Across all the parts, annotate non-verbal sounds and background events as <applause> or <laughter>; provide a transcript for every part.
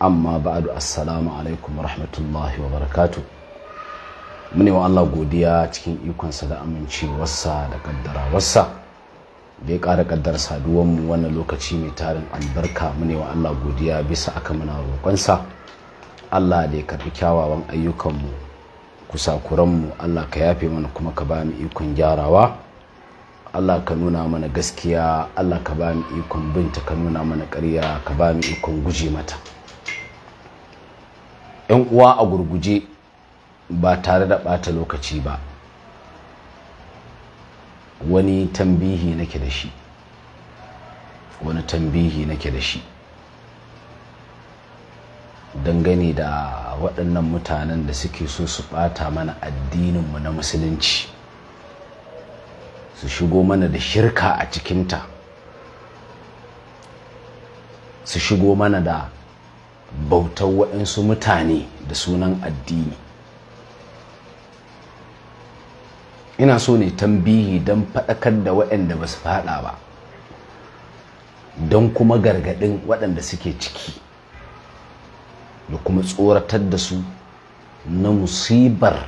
amma ba'adu assalamu alaikum wa rahmatullahi wa barakatu mune wa Allah godiya cikin ikonsa da amincewarsa da kaddara da ya ƙara kaddar mu wannan lokaci mai tarin albarka mune wa Allah godiya bisa aka muna roƙonsa Allah da ya karfi kyawawan ayyukanmu mu Allah ka yafe mana kuma ka ba mu ikon gyarawa Allah ka nuna mana gaskiya Allah ka ba mu ikon binta ka nuna mana ƙarya ka ba mu ikon guje mata 'yan uwa a gurguje ba tare da ɓata lokaci ba wani tambihi nake da shi wani tambihi nake da shi dangane da waɗannan mutanen da suke so su ɓata mana addininmu na musulunci su shigo mana da shirka a cikinta su shigo mana da bautar waɗansu mutane da sunan addini ina so ne tambihi don faɗakar da waɗanda ba su faɗa ba don kuma gargaɗin waɗanda suke ciki da kuma tsoratar da su na musibar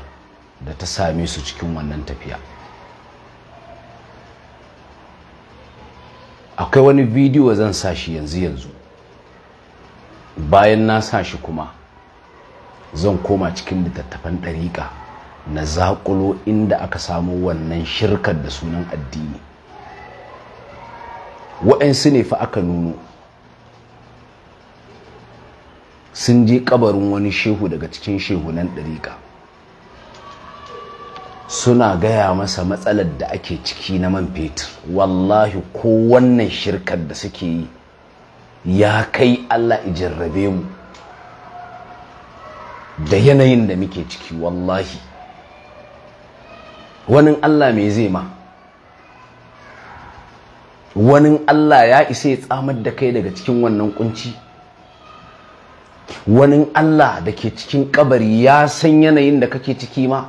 da ta same su cikin wannan tafiya akwai wani bidiyo zan sa shi yanzu yanzu bayan na sa shi kuma zan koma cikin littattafan ɗariƙa na zaƙulo inda aka samu wannan shirkar da sunan addini waɗansu ne fa aka nuno sun je ƙabarin wani shehu daga cikin shehu nan ɗariƙa suna gaya masa matsalar da ake ciki na man fetur wallahi ko wannan shirkar da suke yi ya kai Allah ijirrabe mu da yanayin da muke ciki wallahi wani Allah mai zai ma wani Allah ya isa ya tsamar da kai daga cikin wannan kunci wani Allah da ke cikin kabari ya san yanayin da kake ciki ma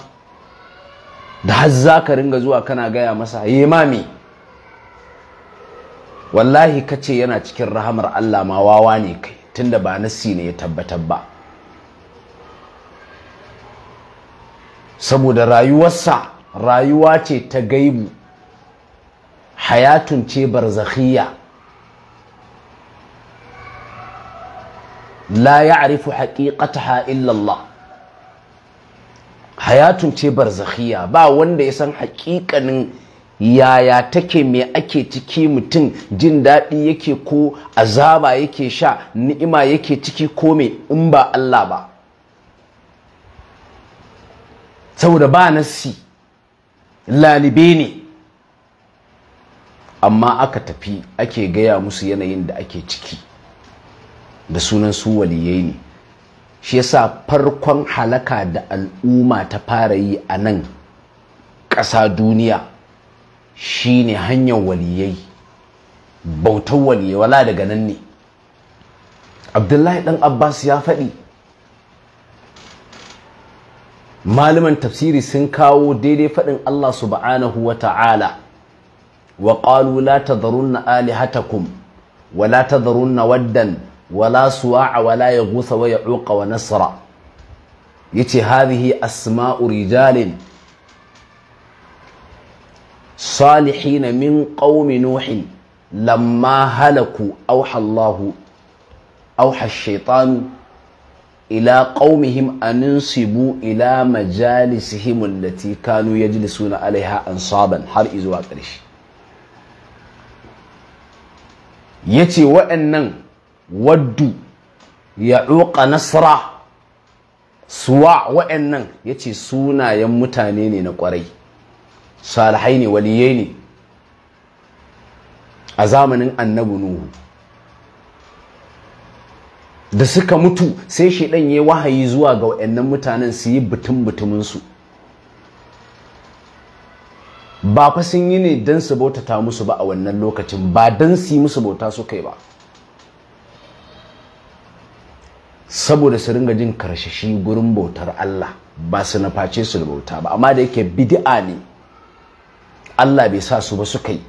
da har za ka ringa zuwa kana gaya masa ya yi mami wallahi kace yana cikin rahamar Allah ma wawa ne kai tunda ba na ne ya tabbatar ba saboda rayuwarsa rayuwa ce ta gaibu hayatun ce barzakhiya. la ya'rifu haqiqataha illa Allah hayatun ce barzakhiya ba wanda ya san haƙiƙanin yaya take me ake ciki mutum jin daɗi yake ko azaba yake sha ni'ima yake ciki ko me in ba Allah ba saboda ba nassi lalibe ne amma aka tafi ake gaya musu yanayin da ake ciki da sunan su waliyai ne shi yasa farkon halaka da al'umma ta fara yi a nan ƙasa duniya Shi ne hanyar waliyai bautar waliyai wala daga nan ne abdullahi ɗan abbas ya faɗi malaman tafsiri sun kawo daidai faɗin allah subhanahu wa ta'ala wa ƙalu la tadharunna alihatakum wa la tadharunna waddan wa la suwa'a wa ya yaghutha wa ya'uqa wa nasra yace hadhihi asma'u rijalin salihina min qaumi nuhin lamma halaku auha Allahu auha shaitanu ila qaumihim anunsibu ila majalisihim allati kanu yajlisuna alaiha ansaban har izuwa ƙarshe yace waɗannan waddu ya nasra suwa waɗannan yace sunayen mutane ne na ƙwarai salihai ne waliyai ne a zamanin annabi nuhu da suka mutu sai shaidan ya wahayi zuwa ga waɗannan mutanen su yi butun butuminsu ba fa sun yi ne don su bautata musu ba a wannan lokacin ba don su yi musu bauta su kai ba saboda su ringa jin karshe shi gurin bautar Allah ba su na face su da bauta ba amma da yake bid'a ne Allah bai sa su ba suka yi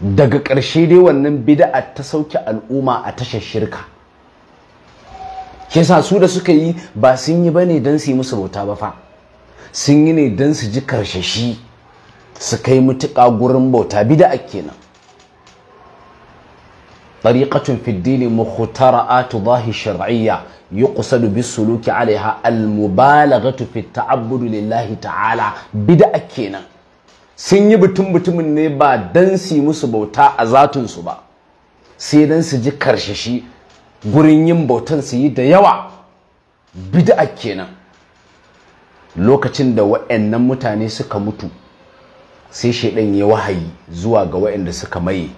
daga ƙarshe dai wannan bida'a ta sauke al'umma a tashar shirka kisa su da suka yi ba sun yi ba ne don su yi musu bauta ba fa sun yi ne don su ji shi su kai mutuƙa gurin bauta bida'a kenan طريقة في الدين مخترعات ظاهر شرعية يقصد بالسلوك عليها المبالغة في التعبد لله تعالى بدأ كينا sun yi butun butumin ne ba dan su musu bauta a zatunsu ba sai dan su ji karshashi gurin yin bautan su yi da yawa bid'a kenan lokacin da wa'annan mutane suka mutu sai shaidan ya wahayi zuwa ga wa'anda suka maye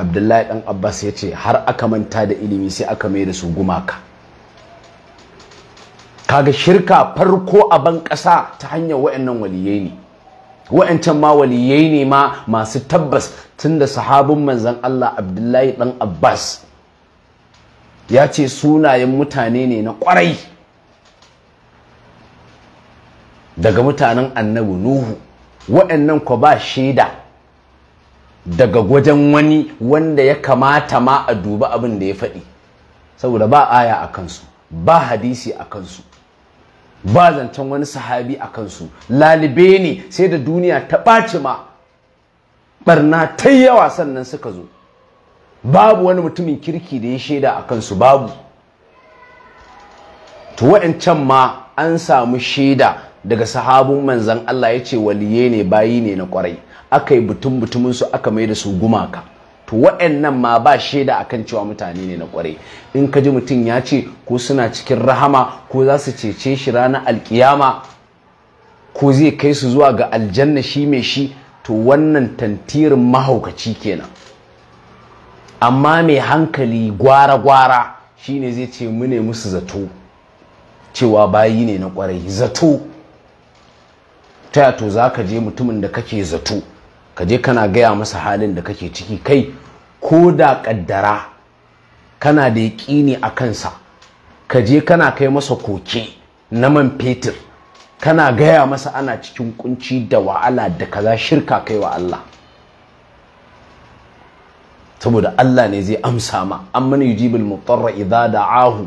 abdullahi dan abbas ya ce har aka manta da ilimi sai aka mai da su gumaka kaga shirka farko a ban ƙasa ta hanyar wa'annan waliyai ne wa'ancan ma waliyai ne ma masu tabbas tunda sahabin manzan Allah abdullahi dan abbas ya ce sunayen mutane ne na kwarai daga mutanen annabi nuhu wa'annan ko ba shaida daga gwajen wani wanda ya kamata ma a duba abin da ya faɗi saboda ba aya a kansu ba hadisi a kansu ba zancen wani sahabi a kansu lalibe ne sai da duniya ta ɓaci ma barna ta yawa sannan suka zo babu wani mutumin kirki da ya shaida a kansu babu to wa'ancan ma an samu shaida daga sahabun manzan Allah ya ce waliye ne bayi ne na kwarai aka yi butun butumin su aka mai da su gumaka to waɗannan ma ba shaida akan cewa mutane ne na kware in ka ji mutum ya ce ko suna cikin rahama ko za su cece shi ranar alkiyama ko zai kai su zuwa ga aljanna shi mai shi to wannan tantirin mahaukaci kenan amma mai hankali gwara-gwara shine zai ce mu ne musu zato cewa bayi ne na kwarai zato ta yato za ka je mutumin da kake zato ka je kana gaya masa halin da kake ciki kai ko da ƙaddara kana da yaƙini a kansa ka je kana kai masa koke na man fetur kana gaya masa ana cikin kunci da wa'ala da kaza shirka kai wa Allah saboda Allah ne zai amsa ma An amman yujibul mutarra idza da'ahu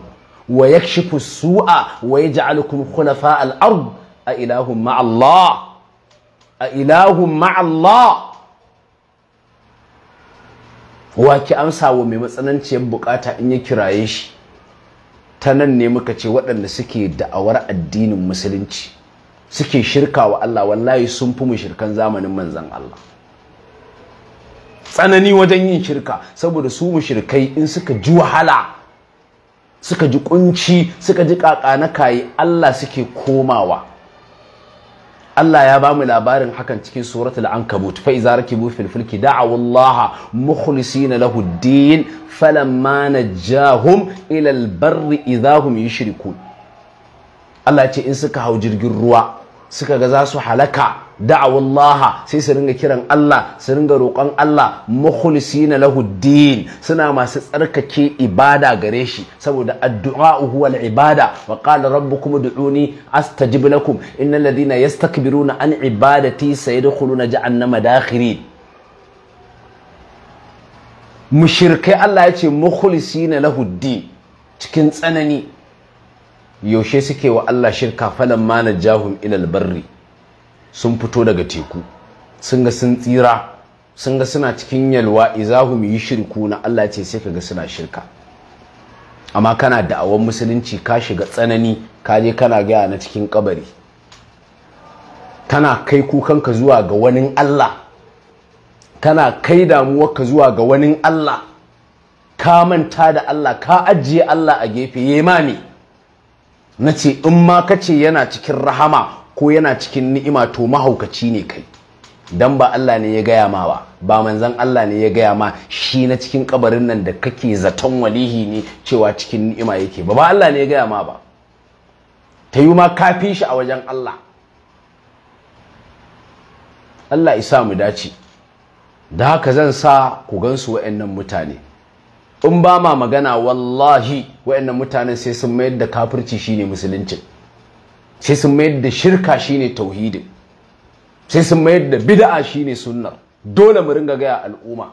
wa yakshifu su'a wa yaj'alukum khulafa al-ard a ilahum ma Allah a ilahun ma'allah wa ki amsa wa mai matsananciyar bukata in ya kiraye shi ta nan ne muka ce waɗanda suke da'awar addinin musulunci suke shirka wa Allah wallahi sun fi mu shirkan zamanin manzan Allah tsanani wajen yin shirka saboda su mu shirkai in suka ji wahala suka ji kunci suka ji kaka na kayi Allah suke komawa Allah ya ba mu labarin hakan cikin suratul ankabut fa iza rakibu fil fulki da'a wallaha mukhlisin lahu din falamma najahum ila al barr idha hum yushrikun Allah ce in suka hau jirgin ruwa suka ga za su halaka da'awullaha sai su ringa kiran Allah su ringa roƙon Allah mukhlisina lahu din suna masu tsarkake ibada gare shi saboda addu'a huwa al-ibada wa qala rabbukum ud'uni astajib lakum innal ladina yastakbiruna an ibadati sayadkhuluna jahannama dakhirin mushrikai Allah ya ce mukhlisina lahu din cikin tsanani yaushe suke wa Allah shirka falan ma najahum ila al-barri sun fito daga teku sun ga sun tsira sun ga suna cikin yalwa izahu izahum yi shirku na Allah ce sai kaga suna shirka amma kana da'awar musulunci ka shiga tsanani ka je kana gaya na cikin kabari kana kai kukanka zuwa ga wani Allah kana kai ka zuwa ga wani Allah ka manta da Allah ka ajiye Allah a gefe yema ne na ce in ma ka ce yana cikin rahama ko yana cikin ni'ima to mahaukaci ne kai dan ba Allah ne ya gaya ma ba ba manzan Allah ne ya gaya ma shi na cikin kabarin nan da kake zaton walihi ne cewa cikin ni'ima yake ba ba Allah ne ya gaya ma ba ta yi ma kafi shi a wajen Allah Allah isa mu dace da haka zan sa ku gansu wa'annan mutane in ba ma magana wallahi wa'annan mutanen sai sun mayar da kafirci shine musuluncin sai sun mayar da shirka shine tauhidin sai sun mayar da bid'a shine sunnar dole mu ringa gaya al'umma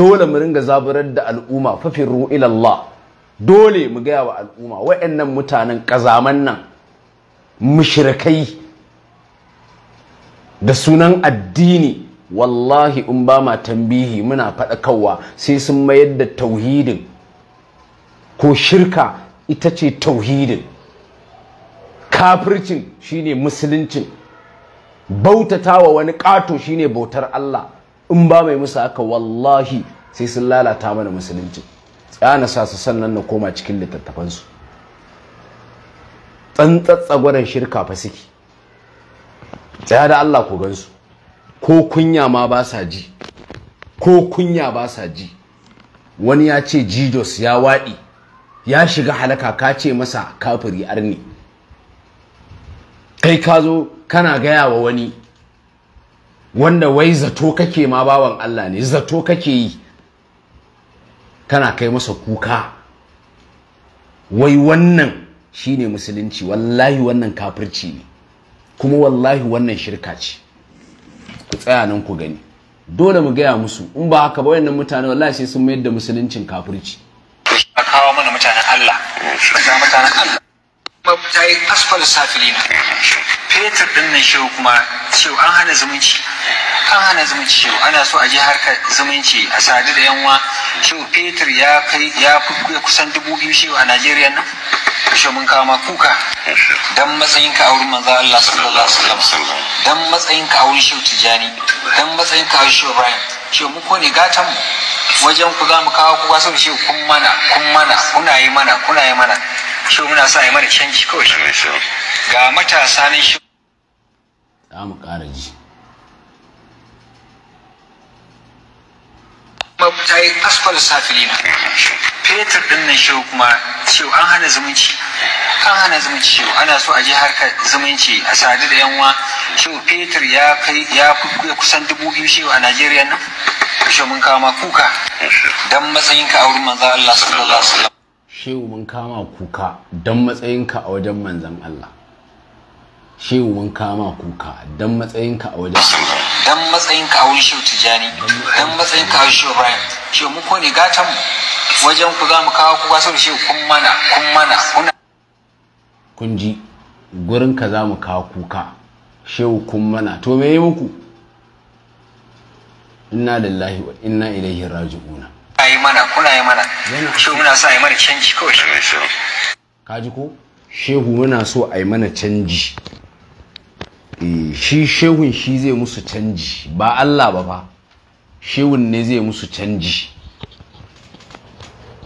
dole mu ringa zaburar da al'umma Fafin ila Allah dole mu gaya wa al'umma waɗannan mutanen ƙazaman nan mushrikai da sunan addini wallahi in ba ma tambihi muna kawwa. sai sun mayar da tauhidin ko shirka ita ce tauhidin kafircin shine musuluncin wa wani ƙato shine bautar Allah in ba mai musu haka wallahi sai sun lalata mana musulunci tsana sa su sannan na koma cikin littattafansu tsantsatsagwaron shirka fa suke tsaya da Allah ku gansu ko kunya ma ba sa ji ko kunya ba sa ji wani ya ce jijos ya waɗi ya shiga halaka ka ce masa kafiri arni kai ka zo kana gaya wa wani wanda wai zato kake ma bawan Allah ne zato kake yi kana kai masa kuka wai wannan shine musulunci wallahi wannan kafirci ne kuma wallahi wannan shirka ce ku tsaya nan ku gani dole mu gaya musu in ba haka ba wayannan mutane wallahi sai sun mayar da musuluncin kafirci kawo ga mutanen Allah mafita yi asfal safilina fetur din nan shehu kuma shehu an hana zumunci an hana zumunci shehu ana so a ji harkar zumunci a sadu da yanwa shehu fetur ya kai ya kusan dubu biyu shehu a najeriya nan shi mun kama kuka dan matsayin ka auren manzo Allah sallallahu alaihi wasallam dan matsayin ka auren shehu tijani dan matsayin ka auren shehu ibrahim ce mu ko ne gatan mu wajen ku za mu kawo ku sun shi kun mana kun mana kuna yi mana kuna yi mana shi muna sa yi mana canji kawai shi ga matasa ne shi za mu ƙara ji mabtai asfal na fetur din nan shehu kuma cewa an hana zumunci an hana zumunci shi ana so a ji harkar zumunci a sadu da yanwa shehu fetur ya kai ya kusan dubu biyu shehu a najeriya nan shehu mun kama kuka dan matsayinka a wurin manzan allah sallallahu alaihi wasallam shehu mun kama kuka dan matsayinka a wajen manzan allah shehu mun kama kuka dan matsayinka a wajen dan matsayinka a wajen shehu tijani dan matsayinka a wajen shehu bayan. shehu mun kone gatan mu wajen ku za mu kawo kuka da shehu kun mana kun mana kuna kun ji gurin ka za mu kawo kuka shehu kun mana to me yi muku inna lillahi wa inna ilaihi raji'una yi mana kuna yi mana shehu muna sa yi mana canji kawai ji ko shehu muna so a yi mana canji Eh, shi shehun shi zai musu canji ba Allah ba ba shehun ne zai musu canji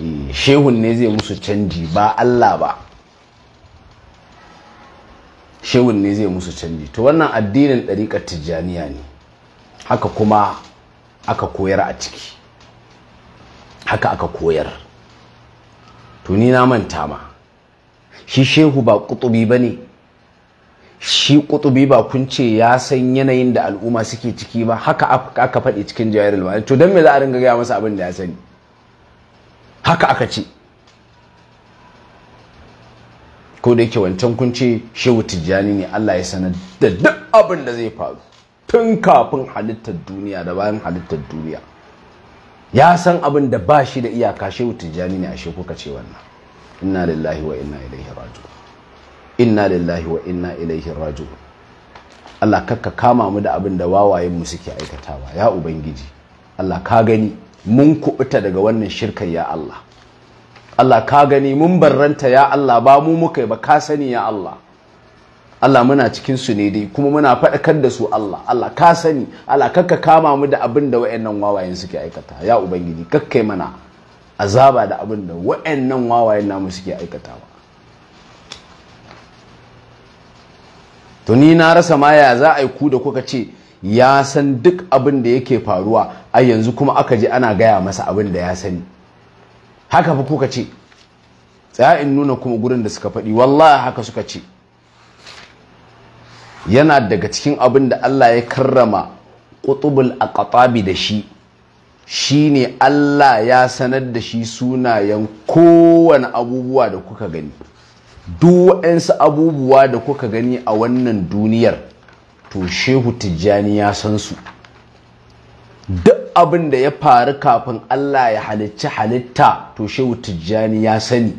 eh, shehun ne zai musu canji ba Allah ba shehun ne zai musu canji to wannan addinin ɗariƙar tijjaniya ne haka kuma aka koyar a ciki haka aka koyar to ni na manta ma shi shehu ba kutubi ba ne shi kutubi ba kun ce ya san yanayin da al'umma suke ciki ba haka aka faɗi cikin jayar al to don me za a ringa gaya masa abin da ya sani haka aka ce ko da yake wancan kun ce shehu tijjani ne Allah ya sanar da duk abin da zai faru tun kafin halittar duniya da bayan halittar duniya ya san abin da ba shi da iyaka shehu tijjani ne a shekuka ce wannan inna lillahi wa inna ilaihi raji'un inna lillahi wa inna ilaihi raju Allah kakka kama mu da abin da wawayen mu suke aikatawa ya ubangiji Allah ka gani mun kubuta daga wannan shirkar ya Allah Allah ka gani mun barranta ya Allah ba mu muka ba ka sani ya Allah Allah muna cikin su ne dai kuma muna faɗakar da su Allah Allah ka sani Allah kakka kama mu da abin da wayannan wawayen suke aikata ya ubangiji kakkai mana azaba da abin da wayannan wawayen namu suke aikatawa to ni na rasa ma ya za a yi ku da kuka ce ya san duk abin da yake faruwa a yanzu kuma aka je ana gaya masa abin da ya sani haka fa kuka ce tsaya in nuna kuma gurin da suka faɗi wallahi haka suka ce yana daga cikin abin da Allah ya karrama qutubul aqtabi da shi shine Allah ya sanar da shi sunayen kowane abubuwa da kuka gani duk waɗansu abubuwa da kuka gani a wannan duniyar to shehu tijjani ya san su duk abin da ya faru kafin Allah ya halicci halitta to shehu tijjani ya sani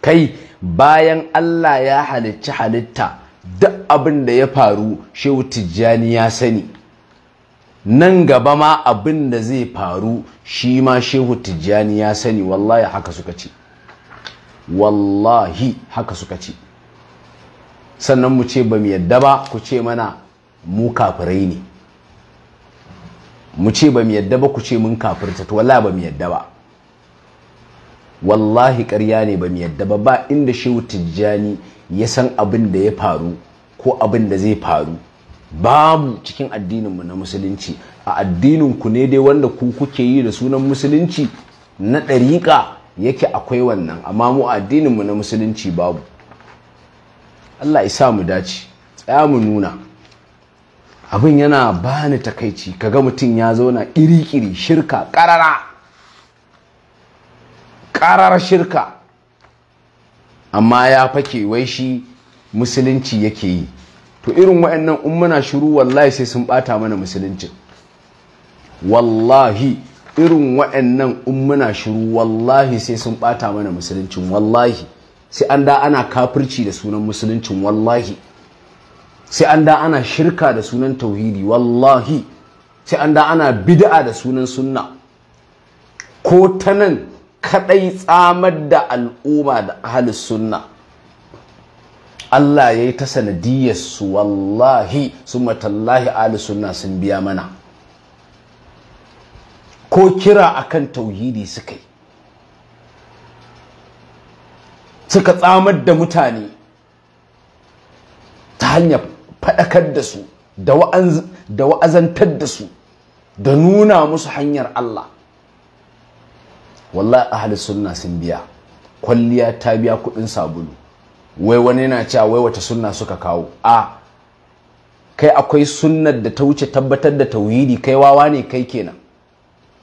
kai bayan Allah ya halicci halitta duk abin da ya faru shehu tijjani ya sani nan gaba ma abin da zai faru shi ma shehu tijjani ya sani wallahi haka suka ce wallahi haka suka ce sannan mu ce ba mu yadda ba ku ce mana mu kafirai ne mu ce ba mu yadda ba ku ce mun kafirta to wallahi ba mu yadda ba wallahi karya ne ba mu yadda ba ba inda shehu tijjani ya san abin da ya faru ko abin da zai faru babu cikin addininmu na musulunci a addininku ne dai wanda ku kuke yi da sunan musulunci na ɗariƙa yake akwai wannan amma mu addinin mu na musulunci babu Allah ya sa mu dace tsaya mu nuna abin yana bani takaici kaga mutum ya zauna kiri-kiri shirka karara karar shirka amma ya fake wai shi musulunci yake yi to irin waɗannan in muna shiru wallahi sai sun ɓata mana musuluncin wallahi irin wa'annan ummuna shiru wallahi sai sun bata mana musuluncin wallahi sai an da ana kafirci da sunan musuluncin wallahi sai an da ana shirka da sunan tauhidi wallahi sai an da ana bid'a da sunan sunna ko ta nan kadai tsamar da al'umma da ahalus sunna Allah ya yi ta su wallahi su matallahi ahalus sunna sun biya mana ko kira akan tauhidi suka yi suka tsamar da mutane ta hanyar faɗakar da su da wa'azantar da su da nuna musu hanyar Allah wallahi ahli sunna sun biya kwalliya ta biya kuɗin sabulu wai wani na cewa wai wata sunna suka kawo a kai akwai sunnar da ta wuce tabbatar da tauhidi kai wawa ne kai kenan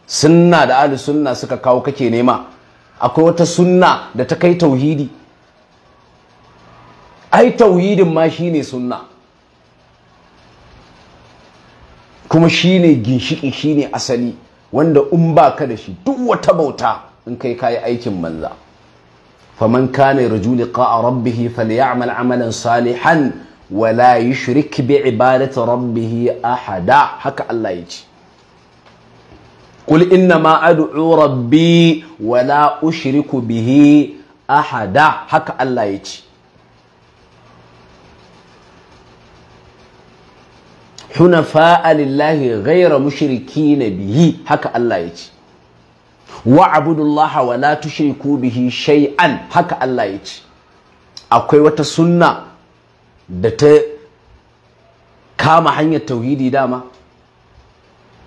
sunna da ahli sunna suka kawo kake nema akwai wata sunna da ta kai tauhidi ai tauhidin ma shine sunna kuma shine ginshiki shine asali wanda in baka da shi duk wata bauta in kai kayi aikin manza faman kana yarju liqa'a rabbihi falyamal amalan salihan wala yushrik bi ibadati rabbihi ahada haka Allah ya ce qul inna ma ad'u rabbi wa la ushriku bihi ahada haka Allah ya ce hunafa'a lillahi ghayra na bihi haka Allah ya ce wa abudullaha wa la tushriku bihi shay'an haka Allah ya akwai wata sunna da ta kama hanyar tauhidi dama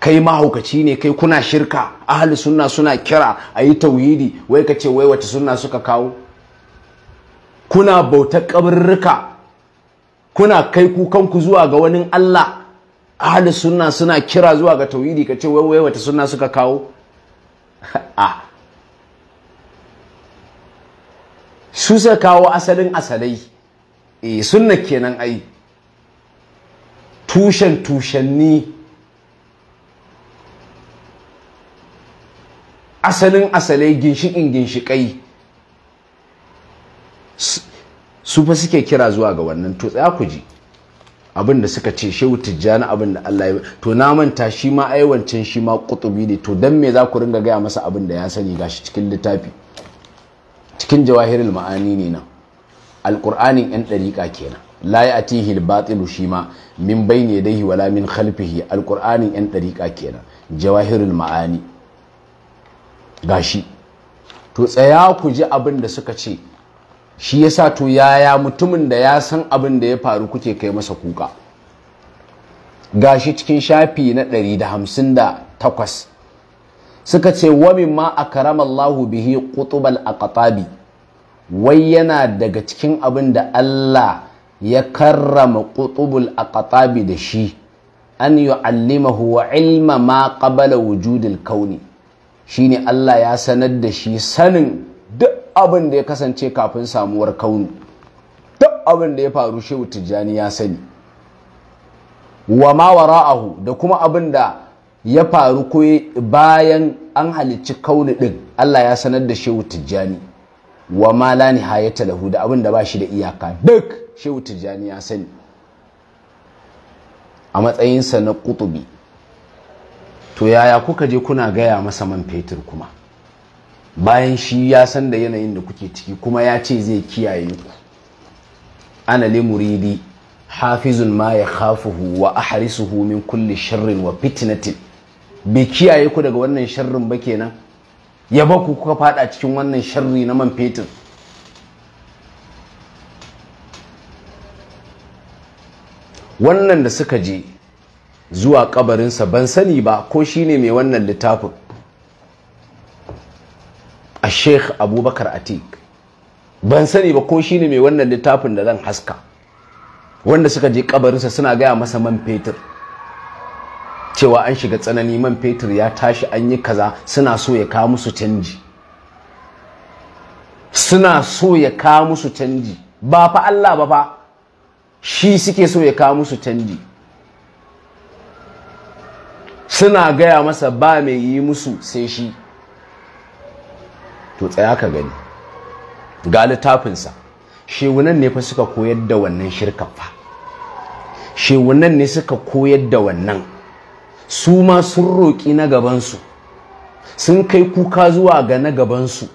kai mahaukaci ne kai kuna shirka ahli sunna suna kira a yi tauhidi wai ka ce wai wace sunna suka kawo kuna bautar kabarurruka kuna kai kukanku zuwa ga wani Allah ahli sunna suna kira zuwa ga tauhidi ka ce wai wai wace sunna suka kawo a <laughs> ah. su suka kawo asalin asalai e sunna kenan ai tushen tushenni asalin asalai ginshikin ginshikai su fa suke kira zuwa ga wannan to tsaya ku ji abin suka ce shehu tijjani abin da Allah ya to na manta shi ma aiwancin shi ma kutubi ne to dan me za ku ringa gaya masa abin da ya sani gashi cikin littafi cikin jawahirul ma'ani ne nan alqur'anin yan dariqa kenan la ya'tihi al-batilu shi ma min bayni yadayhi wala min khalfihi alqur'anin yan dariqa kenan jawahirul ma'ani gashi to tsaya ku ji abin da suka ce shi yasa to yaya mutumin da ya san abin da ya faru kuke kai masa kuka gashi cikin shafi na 158 suka ce wa mimma akramallahu bihi qutubal aqtabi wai yana daga cikin abin da Allah ya karrama qutubul aqtabi da shi an yu'allimahu wa ilma ma qabala wujudil kauni shine Allah ya sanar da shi sanin duk abin da ya kasance kafin samuwar kaunu duk abin da ya faru shehu tijjani ya sani wa ma wara'ahu da kuma abin da ya faru ko bayan an halicci kaunu ɗin, Allah ya sanar da shehu tijjani wa ma la nihayata lahu da abin da ba shi da iyaka duk shehu tijjani ya sani a matsayinsa na kutubi to yaya kuka je kuna gaya masa man fetur kuma bayan shi ya san da yanayin da kuke ciki kuma ya ce zai kiyaye ku ana le muridi hafizun ma ya khafuhu wa ahrisuhu min kulli sharrin wa fitnatin bai kiyaye ku daga wannan sharrin ba kenan ya ba ku kuka fada cikin wannan sharri na man fetur wannan da suka je zuwa kabarinsa ban sani ba ko shine mai wannan littafin a sheikh abubakar atik ban sani ba ko shine mai wannan littafin da zan haska wanda suka je kabarinsa suna gaya masa man fetur cewa an shiga tsanani man fetur ya tashi an yi kaza suna so ya kawo musu canji suna so ya kawo musu canji ba fa Allah ba fa shi suke so ya kawo musu canji suna gaya masa ba mai yi musu sai shi to tsaya ka gani ga littafinsa shewunan ne fa suka koyar da wannan shirkan fa shewunan ne suka koyar da wannan su ma sun roƙi na gabansu sun kai kuka zuwa ga na gabansu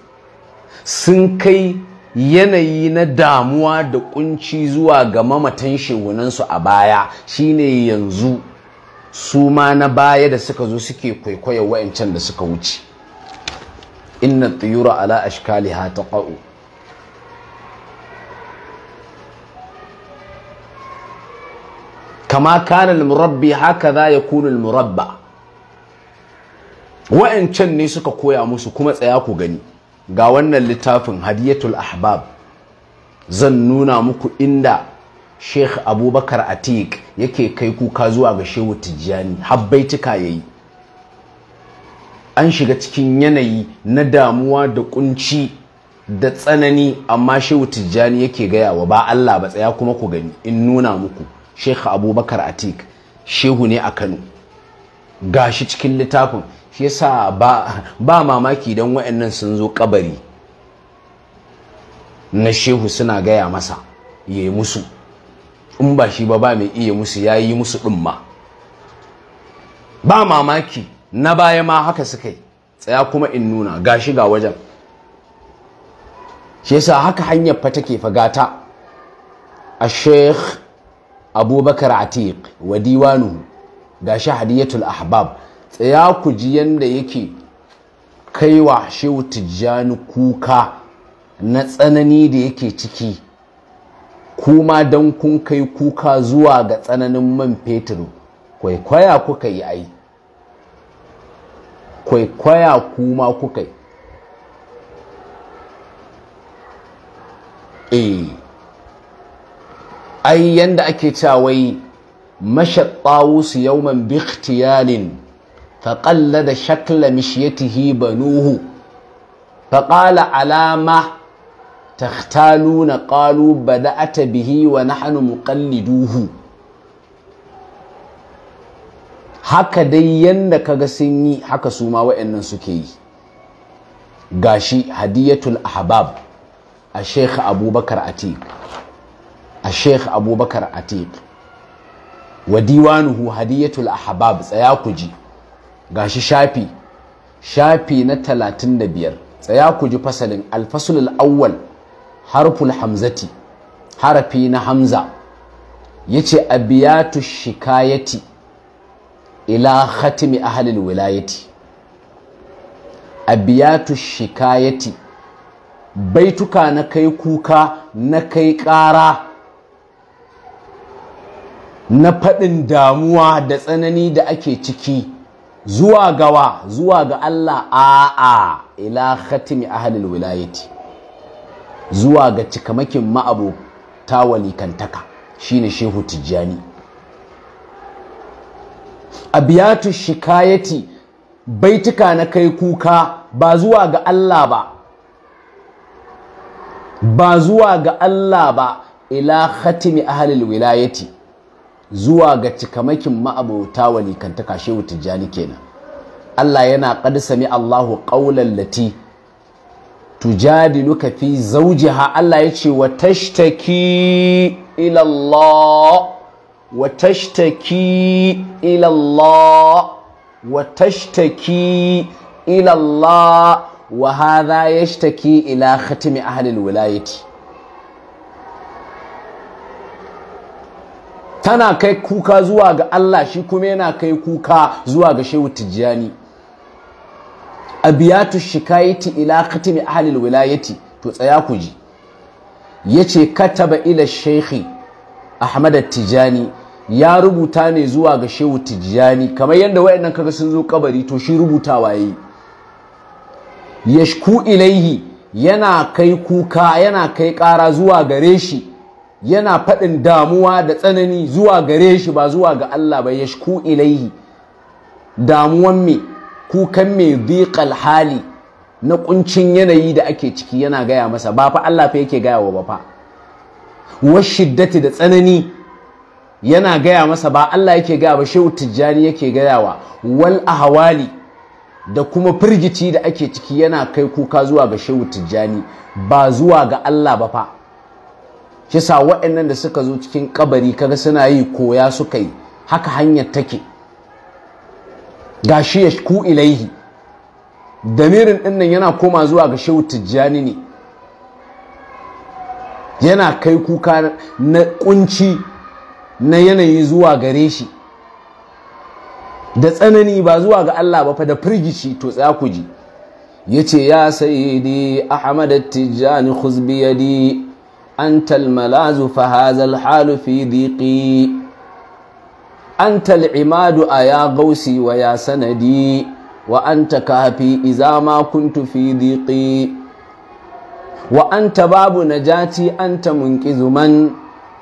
sun kai yanayi na damuwa da kunci zuwa ga mamatan shewunansu a baya shine yanzu su ma na baya da suka zo suke kwaikwayo wa'ancan da suka wuce inna tsayura ala ta ƙa'u kama kanin murabbi haka za ya kuna murabba wa'ancan ne suka koya musu kuma tsaya ku gani ga wannan littafin hadiyatul ahbab zan nuna muku inda sheikh abubakar atik yake kai kuka zuwa ga shehu tijjani habbaituka ya yi an shiga cikin yanayi na damuwa da kunci da tsanani amma shehu tijjani yake gaya yawa ba allah ba tsaya kuma ku gani in nuna muku sheikh abubakar atik shehu ne a kano gashi cikin littafin shi yasa ba, ba mamaki dan wayannan sun zo kabari na shehu suna gaya masa yayi musu in ba shi ba ba mai iya musu ya yi musu ɗin ba mamaki na baya ma haka suka yi tsaya kuma in nuna ga shi ga wajen shi yasa haka hanyar fa take fagata a sheikh abubakar atiq wa diwanu ga shi hadiyatul ahbab tsaya ku ji yanda yake kaiwa shehu tijjani kuka na tsanani da yake ciki kuma don kun kai kuka zuwa ga tsananin man fetur kwaikwaya kuka yi ai kwaikwaya kuma kuka yi e ai yanda ake cawai mashattawusu yawman bi biktiyalin faƙalla da shakla mishiyatihi banuhu faƙala alama takhtaluna a ta bihi wa nahnu duhu. haka dai yanda kaga sun yi haka su ma wa'annan suke yi gashi hadiyatul ahbab a sheikh abubakar atiq a sheikh abubakar atiq wa diwanuhu hadiyatul ahbab tsaya ku ji gashi shafi shafi na 35 tsaya ku ji fasalin alfasulul awwal harful hamzati harafi na hamza ya yace abiyatu shikayati ila khatimi halin wilayati abiyatu shikayati baituka na kai kuka na kai kara na faɗin damuwa da tsanani da ake ciki zuwa gawa zuwa ga Allah a'a ila khatimi halin wilayati zuwa ga cikamakin ta walikantaka shine shehu tijjani abiyatu shikayati baituka na kai kuka ba zuwa ga Allah ba ba zuwa ga Allah ba ila khatimi ahalil wilayati zuwa ga cikamakin ma'abota walikantaka shehu tijjani kenan Allah yana qad sami Allahu qawlan lati tujadiluka fi zawjiha Allah ya ce wa tashtaki ila Allah wa tashtaki ila wa tashtaki ila Allah wa hadha yashtaki ila khatimi ahli alwilayati tana kai kuka zuwa ga Allah shi kuma yana kai kuka zuwa ga Shehu Tijjani abiyatu shikayati ila khatimi ahlil wilayati to tsaya ku ji yace kataba ila shaykhi ahmad tijani ya rubuta ne zuwa ga shehu tijjani kamar yadda wayannan kaga sun zo kabari to shi rubutawa yayi yashku ilaihi yana kai kuka yana kai kara zuwa gare shi yana faɗin damuwa da tsanani zuwa gare shi ba zuwa ga Allah ba yashku ilaihi damuwan me kukan mai dhiqal hali na kuncin yanayi da ake ciki yana gaya masa ba fa Allah fa yake gaya wa ba fa wa shiddati da tsanani yana gaya masa ba Allah yake gaya ba shehu tijjani yake gaya wa wal ahwali da kuma firgici da ake ciki yana kai kuka zuwa ga shehu tijjani ba zuwa ga Allah ba fa Kisa waɗannan da suka zo cikin kabari kaga suna yi koya suka yi haka hanyar take gashi ya ku ilaihi damirin dinnan yana koma zuwa ga shehu tijjani ne yana kai kuka na kunci na yanayi zuwa gare shi da tsanani ba zuwa ga Allah ba fa da firgici to tsaya ku ji yace ya sayyidi ahmad tijjani khuzbi yadi anta al malazu fa hadha al halu fi dhiqi anta al'imadu a ya gausi wa ya sanadi wa'anta kafi iza ma kuntu fi diqi wa anta babu najati anta munqizu man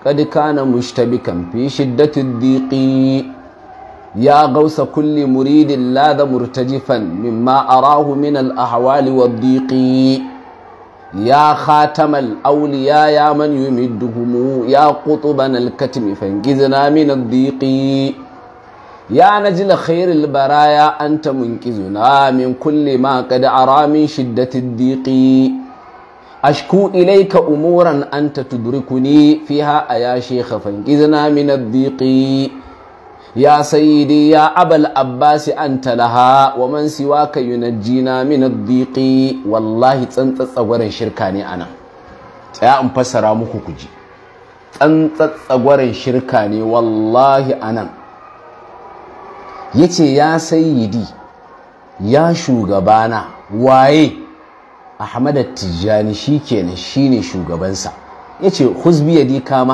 qad na mushtabikan fi shiddati diqi ya gausa kulli muridin la da murtajifan mimma arahu minal al ahwali wa diqi ya khatamal auliya ya man yumidduhum ya qutuban alkatim fangizna min ad ya najil khairil baraya anta munqizuna min kulli ma qad ara min shiddati ad ashku ilayka umuran anta tudrikuni fiha ya shaykha fangizna min ad يا سيدي يا أبا الأباس أنت لها ومن سواك ينجينا من الضيق والله تنتصور شركاني أنا يا أمبسر مكوكجي تنتصور شركاني والله أنا يتي يا سيدي يا شوغبانا واي أحمد التجاني شيكين شيني شوغبانسا يتي خذ بيدي كام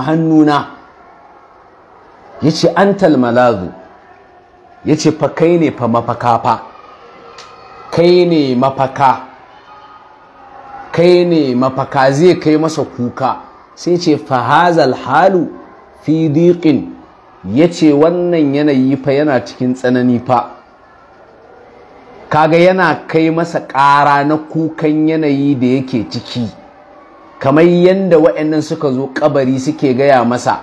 ya ce an talmalazu. ya ce fa kai ne fa mafaka fa kai ne mafaka kai ne mafaka zai kai masa kuka sai ce fa Hazal, halu fi diƙin ya ce wannan yanayi fa yana cikin tsanani fa kaga yana kai masa ƙara na kukan yanayi da yake ciki kamar yadda waɗannan suka zo ƙabari suke gaya masa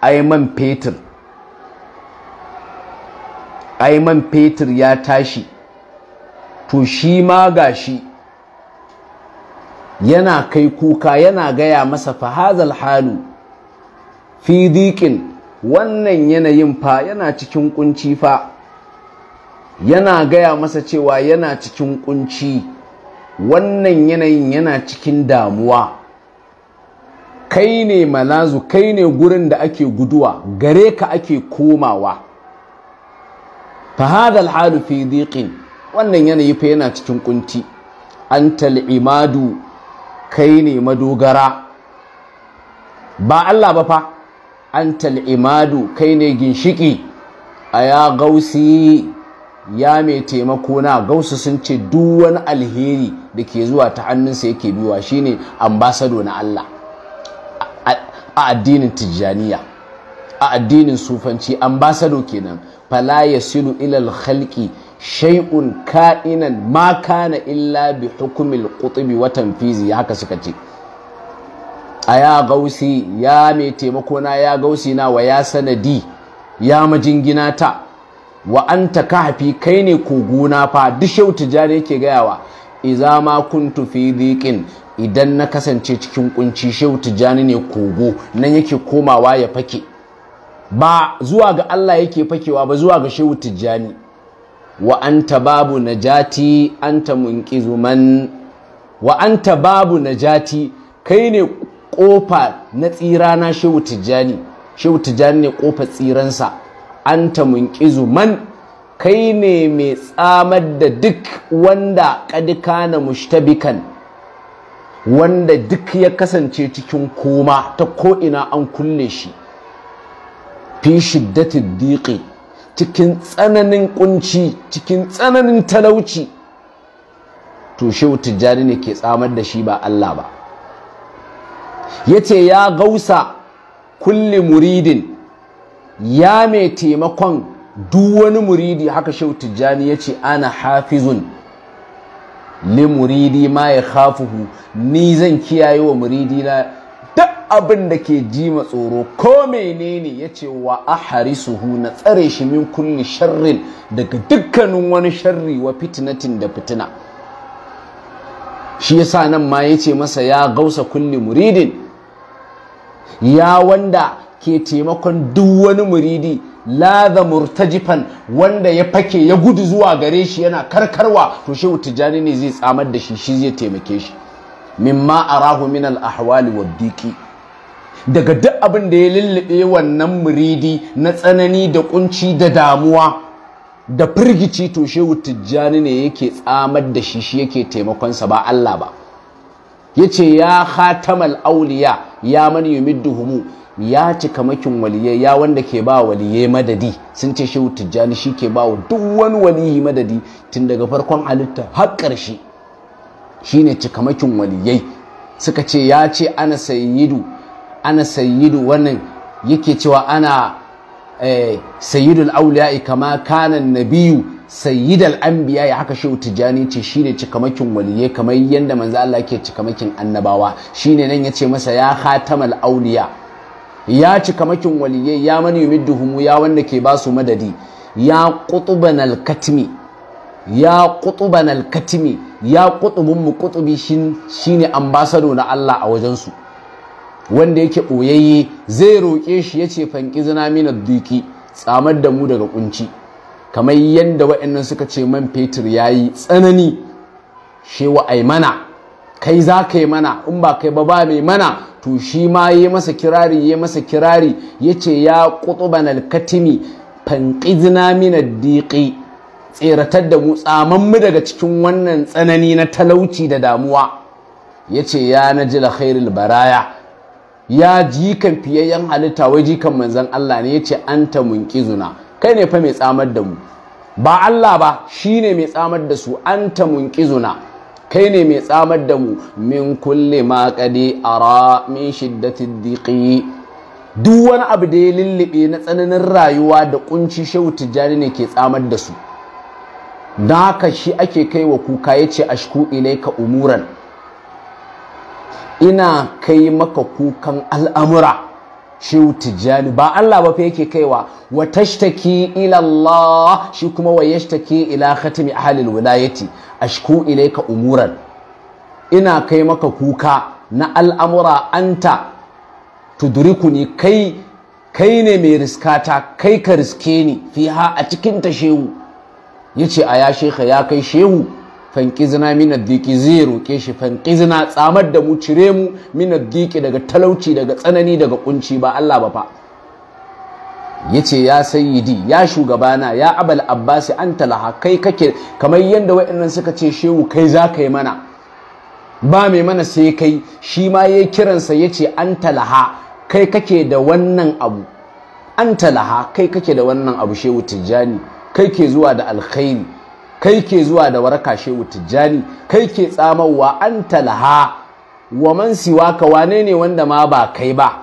ai man fetur ai man fetur ya tashi to shi ma gashi yana kai kuka yana gaya masa fahazal halu fi diƙin wannan yanayin fa yana cikin kunci fa yana gaya masa cewa yana cikin kunci wannan yanayin yana cikin damuwa kai ne malazu kai ne gurin da ake guduwa gare ka ake komawa Fahadar hadha al fi wannan yanayi fa yana cikin kunci antal imadu kai ne madogara ba Allah ba fa antal imadu kai ne ginshiki aya gausi ya mai taimako na gausu sun ce duk wani alheri da ke zuwa ta hannunsa yake biyuwa shine ambasado na Allah a addinin tijjaniya a addinin sufanci ambasado kenan fala silu ilal khalqi shay'un ka'inan ma kana illa bi hukumil qutbi wa tanfizi haka suka ce a ya gausi ya mai taimako na ya gausi na wa ya sanadi ya majingina ta wa anta kahfi kai ne koguna fa duk shau tijari yake gayawa iza ma kuntu fi dhiqin idan na kasance cikin kunci shau tijani ne kogo nan yake komawa ya fake ba zuwa ga Allah yake fakewa ba zuwa ga shehu tijjani wa anta babu najati anta munqizu man wa anta babu najati kai ne kofa na tsira na shehu tijjani shehu tijjani ne kofa tsiransa anta munqizu man kai ne mai tsamar da duk wanda kadika na mushtabikan wanda duk ya kasance cikin koma ta ko'ina an kulle shi fi shiddatin diƙi cikin tsananin ƙunci cikin tsananin talauci to shehu tijjani ne ke tsamar da shi ba Allah ba ya ce ya gausa kulli muridin ya mai taimakon duk wani muridi haka shehu tijjani ya ce ana hafizun li muridi ma ya khafuhu ni zan kiyaye wa muridi na duk abin da ke ji tsoro ko menene ya ce wa a harisuhu na tsare shi min kulli sharrin daga dukkanin wani sharri wa fitinatin da fitina shi yasa nan ma ya ce masa ya gausa kulli muridin ya wanda ke taimakon duk wani muridi laza murtajifan wanda ya fake ya gudu zuwa gare shi yana karkarwa to shehu tijjani ne zai tsamar da shi shi zai taimake shi mimma arahu min al-ahwali wad daga duk abin da ya lullube wannan muridi na tsanani da kunci da damuwa da firgici to shehu tijjani ne yake tsamar da shi shi yake taimakonsa ba Allah ba yace ya khatamal auliya ya man yumidduhum ya cika makin waliyai ya wanda ke ba waliyai madadi sun ce shehu tijjani shi ke ba wa duk wani waliyi madadi tun daga farkon halitta har ƙarshe shine cikamakin waliyai suka ce ya ce ana sayyidu ana sayyidu wannan yake cewa ana eh, sayyidul auliya'i kama kanan nabiyu sayyidal anbiya ya haka shehu tijjani ce shine cikamakin waliyai kamar yadda manzo Allah ke cikamakin annabawa shine nan yace masa ya khatamal auliya ya cikamakin waliyai ya man yumidduhum ya wanda ke ba su madadi ya qutuban al-katmi ya qutuban al ya kutubin mu kutubi ne ambasado na Allah a wajensu wanda yake ɓoyayye zai roƙe shi ya ce fanki zina mina duki tsamar da mu daga ƙunci.' kamar yadda wa'annan suka ce man fetur ya yi tsanani shewa ai mana kai za ka yi mana in ba kai ba ba mai mana to shi ma ya masa kirari ya masa kirari ya ce ya kutuban alkatimi fanki zina mina diƙi tseratar da mu mu daga cikin wannan tsanani na talauci da damuwa ya ce ya na ji khairul baraya ya jikan fiyayyen halitta wai jikan manzan Allah ne ya ce an ta munƙizuna kai ne fa mai tsamar da mu ba Allah ba shi ne mai tsamar da su an ta munƙizuna kai ne mai tsamar da mu min kulle ma ara min shiddati diqi duk wani abu da ya lullube na tsananin rayuwa da kunci shehu tijjani ne ke tsamar da su Na haka shi ake kai wa kuka ya ce ashku ilaika umuran ina kai maka kukan al'amura shi tijjani ba Allah ba fa yake kaiwa wa tashtaki ila Allah shi kuma wa yashtaki ila khatimi ahlil wilayati ashku ilaika umuran ina kai maka kuka na al'amura anta tudrikuni kai kai ne mai riskata kai ka riske ni fiha a cikin tashewu yace a ya sheka ya kai shehu fankizna min addiki zai roke shi fankizna tsamar da mu cire mu min addiki daga talauci daga tsanani daga kunci ba Allah ba fa yace ya sayyidi ya shugabana ya abal abbasi anta laha kai kake kamar yanda wayannan suka ce shehu kai za ka yi mana ba mai mana sai kai shi ma yayi kiransa yace anta laha kai kake da wannan abu anta laha kai kake da wannan abu shehu tijjani kai ke zuwa da alkhairi kai ke zuwa da waraka shehu tijjani kai ke tsamarwa an talha wa man ka wane ne wanda ma ba kai ba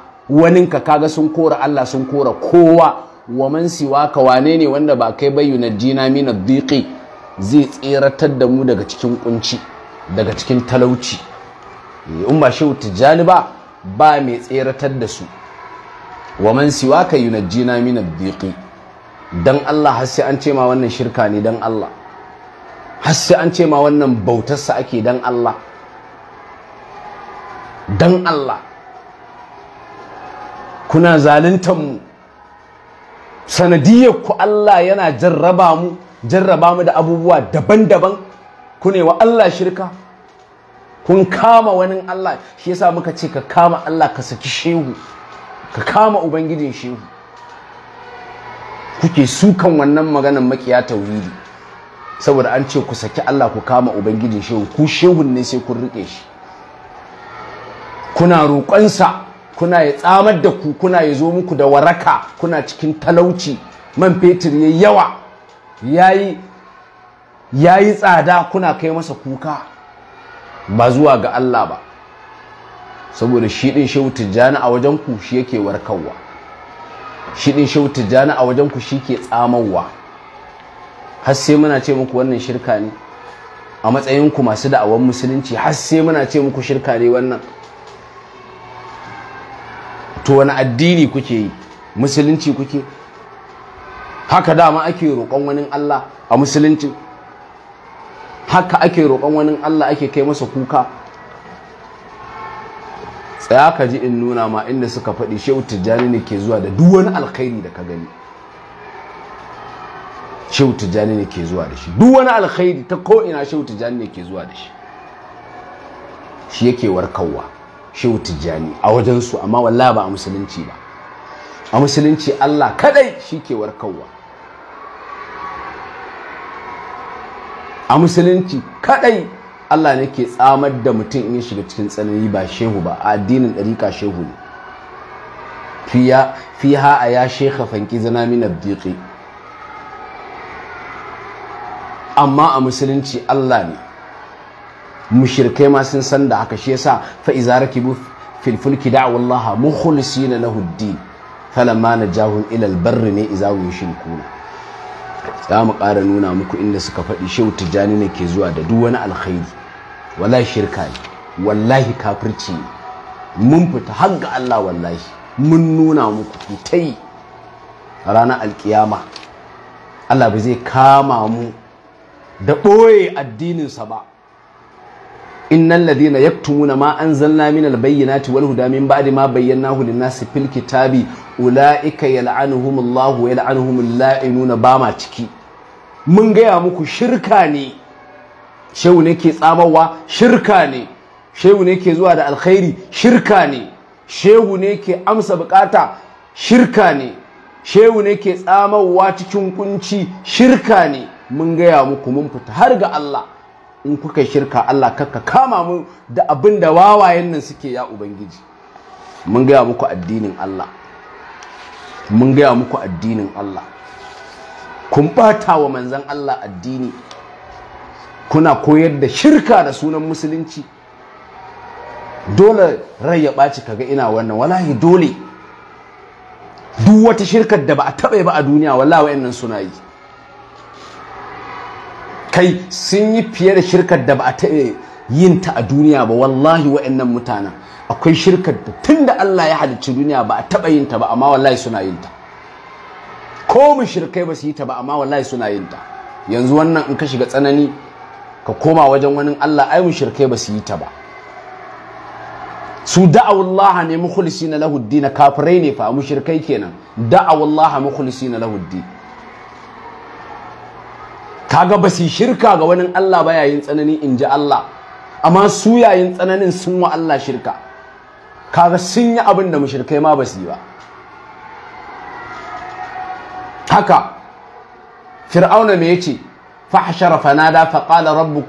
ka kaga sun kora Allah sun kora kowa wa man ka wane ne wanda ba kai ba yunajjina min zai tseratar da mu daga cikin kunci daga cikin talauci eh, in ba shehu tijjani ba ba mai tseratar da su wa man siwa ka yunajjina min ad dan Allah har sai an ce ma wannan shirka ne dan Allah har sai an ce ma wannan bautarsa ake dan Allah dan Allah kuna zaluntar mu sanadiyar ku Allah yana jarraba mu jarraba mu da abubuwa daban-daban ku ne wa Allah shirka kun kama wani Allah shi yasa muka ce ka kama Allah ka saki shehu ka kama ubangijin shehu kuke sukan wannan maganan makiya tauridi saboda an ce ku saki Allah ku kama ubangijin shehu ku Shehu ne sai kun rike shi kuna roƙonsa kuna ya tsamar da ku kuna ya zo muku da waraka kuna cikin talauci man fetur yayi yawa yayi yayi tsada kuna kai masa kuka ba zuwa ga Allah ba saboda shi din shehu tijjani a wajen ku shi yake warkarwa shi din shehu tijjani a wajen ku shi ke tsamarwa har sai muna ce muku wannan shirka ne a matsayin ku masu da'awar musulunci har sai muna ce muku shirka ne wannan to wani addini kuke yi musulunci kuke haka dama ake roƙon wani Allah a musulunci haka ake roƙon wani Allah ake kai masa kuka tsaya ka ji in nuna ma inda suka faɗi shehu tijjani ne ke zuwa da duk wani alkhairi da ka gani shehu tijjani ne ke zuwa da shi duk wani alkhairi ta ko'ina shehu tijjani ne ke zuwa da shi shi yake warkarwa shehu tijjani a wajensu amma wallahi ba a musulunci ba a musulunci allah kadai shi ke warkarwa a musulunci kadai Allah ne ke tsamar da mutum in shiga cikin tsanani ba shehu ba a addinin ɗarika shehu ne fiha a ya shekha fanki zana min abdiƙi amma a musulunci Allah ne mushirkai ma sun san da haka shi yasa fa iza rakibu fil fulki da'u Allah mukhlisina lahu ad-din falamma najahum ila al-barri ne iza shinkuna. za mu ƙara nuna muku inda suka faɗi shehu tijjani ne ke zuwa da duk wani alkhairi wallahi shirka ne wallahi kafirci ne mun fita har ga Allah wallahi mun nuna muku fitai ranar alkiyama Allah ba zai kama mu da ɓoye addininsa ba innal ladina yaktumuna ma anzalna minal bayyinati wal huda min ba'di ma bayyanahu lin-nasi fil kitabi ulaika yal'anuhumullahu wa yal'anuhumul la'inuna ba ma ciki mun gaya muku shirka ne shehu ne ke tsamawa shirka ne shehu ne ke zuwa da alkhairi shirka ne shehu ne ke amsa bukata shirka ne shehu ne ke tsamarwa cikin kunci shirka ne mun gaya muku mun fita har ga Allah in kuka shirka Allah kakka kama mu da abin da wawayen nan suke ya ubangiji mun gaya muku addinin Allah mun gaya muku addinin Allah kun bata wa manzan Allah addini kuna koyar da shirka da sunan musulunci dole rai ya ɓaci kaga ina wannan wallahi dole duk wata shirkar da ba a taɓa ba a duniya wallahi wayannan suna yi kai sun yi fiye da shirkar da ba a taɓa yin ta a duniya ba wallahi wa'annan mutanen akwai shirkar da tun da Allah ya halicci duniya ba a taɓa yin ta ba amma wallahi suna yin ta ko shirkai ba su yi ta ba amma wallahi suna yin ta yanzu wannan in ka shiga tsanani ka koma wajen wani Allah ai shirkai ba su yi ta ba su da'awullaha ne mukhlisina lahu ad kafirai ne fa shirkai kenan wallaha mukhlisina lahu ad kaga ba su shirka ga wani Allah ba yayin tsanani in ji Allah amma su yayin tsananin sun wa Allah shirka kaga sun yi abin da mushirkai ma ba su yi ba haka fir'auna me yace fahshara fanada faqala rabbuk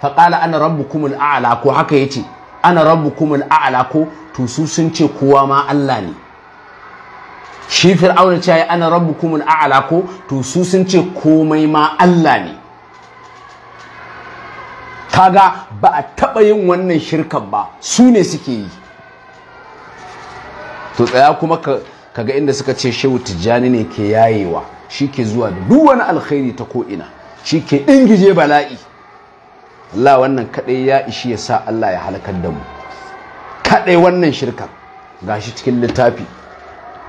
faqala ana rabbukumul a'la ko haka yace ana rabbukumul a'la ko to su sun ce kowa ma Allah ne shi fir'auna ce ana kumun a'ala ko to su sun ce komai ma Allah ne kaga ba a taɓa yin wannan shirkan ba su ne suke yi to tsaya kuma kaga inda suka ce shehu tijjani ne ke yayewa shi ke zuwa da duk wani alkhairi ta ko'ina shi ke ingije bala'i Allah wannan kaɗai ya ishi ya sa Allah ya halakar da mu kaɗai wannan shirkan shi cikin littafi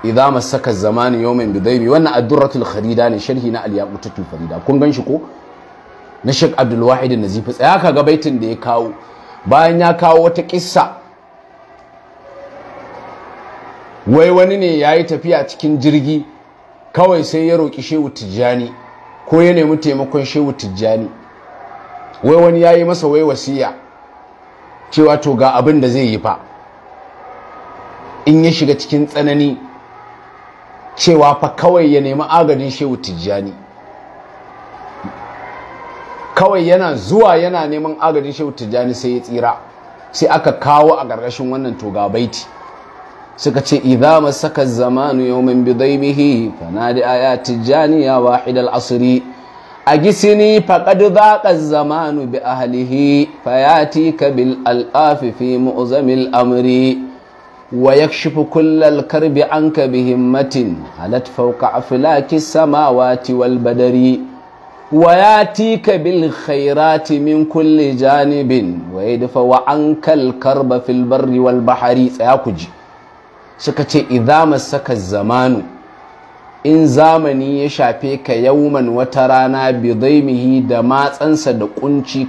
idza masaka zamani yawmin bidaybi wannan addurratul durratul kharida ne sharhi na al-yaqutatul farida kun ganshi ko na Sheikh Abdul Wahid an-Nazifi tsaya kaga baitin da ya kawo bayan ya kawo wata kissa wai wani ne yayi tafiya cikin jirgi kawai sai ya roki Shehu Tijjani ko ya nemi taimakon Shehu Tijjani wai wani yayi masa wai wasiya cewa to ga abin da zai yi fa in ya shiga cikin tsanani cewa fa kawai ya nemi agajin shehu tijjani kawai yana zuwa yana neman agajin shehu tijjani sai ya tsira sai aka kawo a ƙarƙashin wannan toga baiti suka ce idza masaka zamanu yawmin bidaymihi fanadi aya tijjani ya wahid al-asri agisini faqad dhaqa zamanu bi ahlihi fayatika bil alƙafi fi mu'zamil amri ويكشف كل الكرب عنك بهمة علت فوق أفلاك السماوات والبدر وياتيك بالخيرات من كل جانب ويدفع عنك الكرب في البر والبحر سيكجي سكتي إذا مسك الزمان in zamani يشافيك يوما وترانا بضيمه wata rana bidaimihi da matsansa da kunci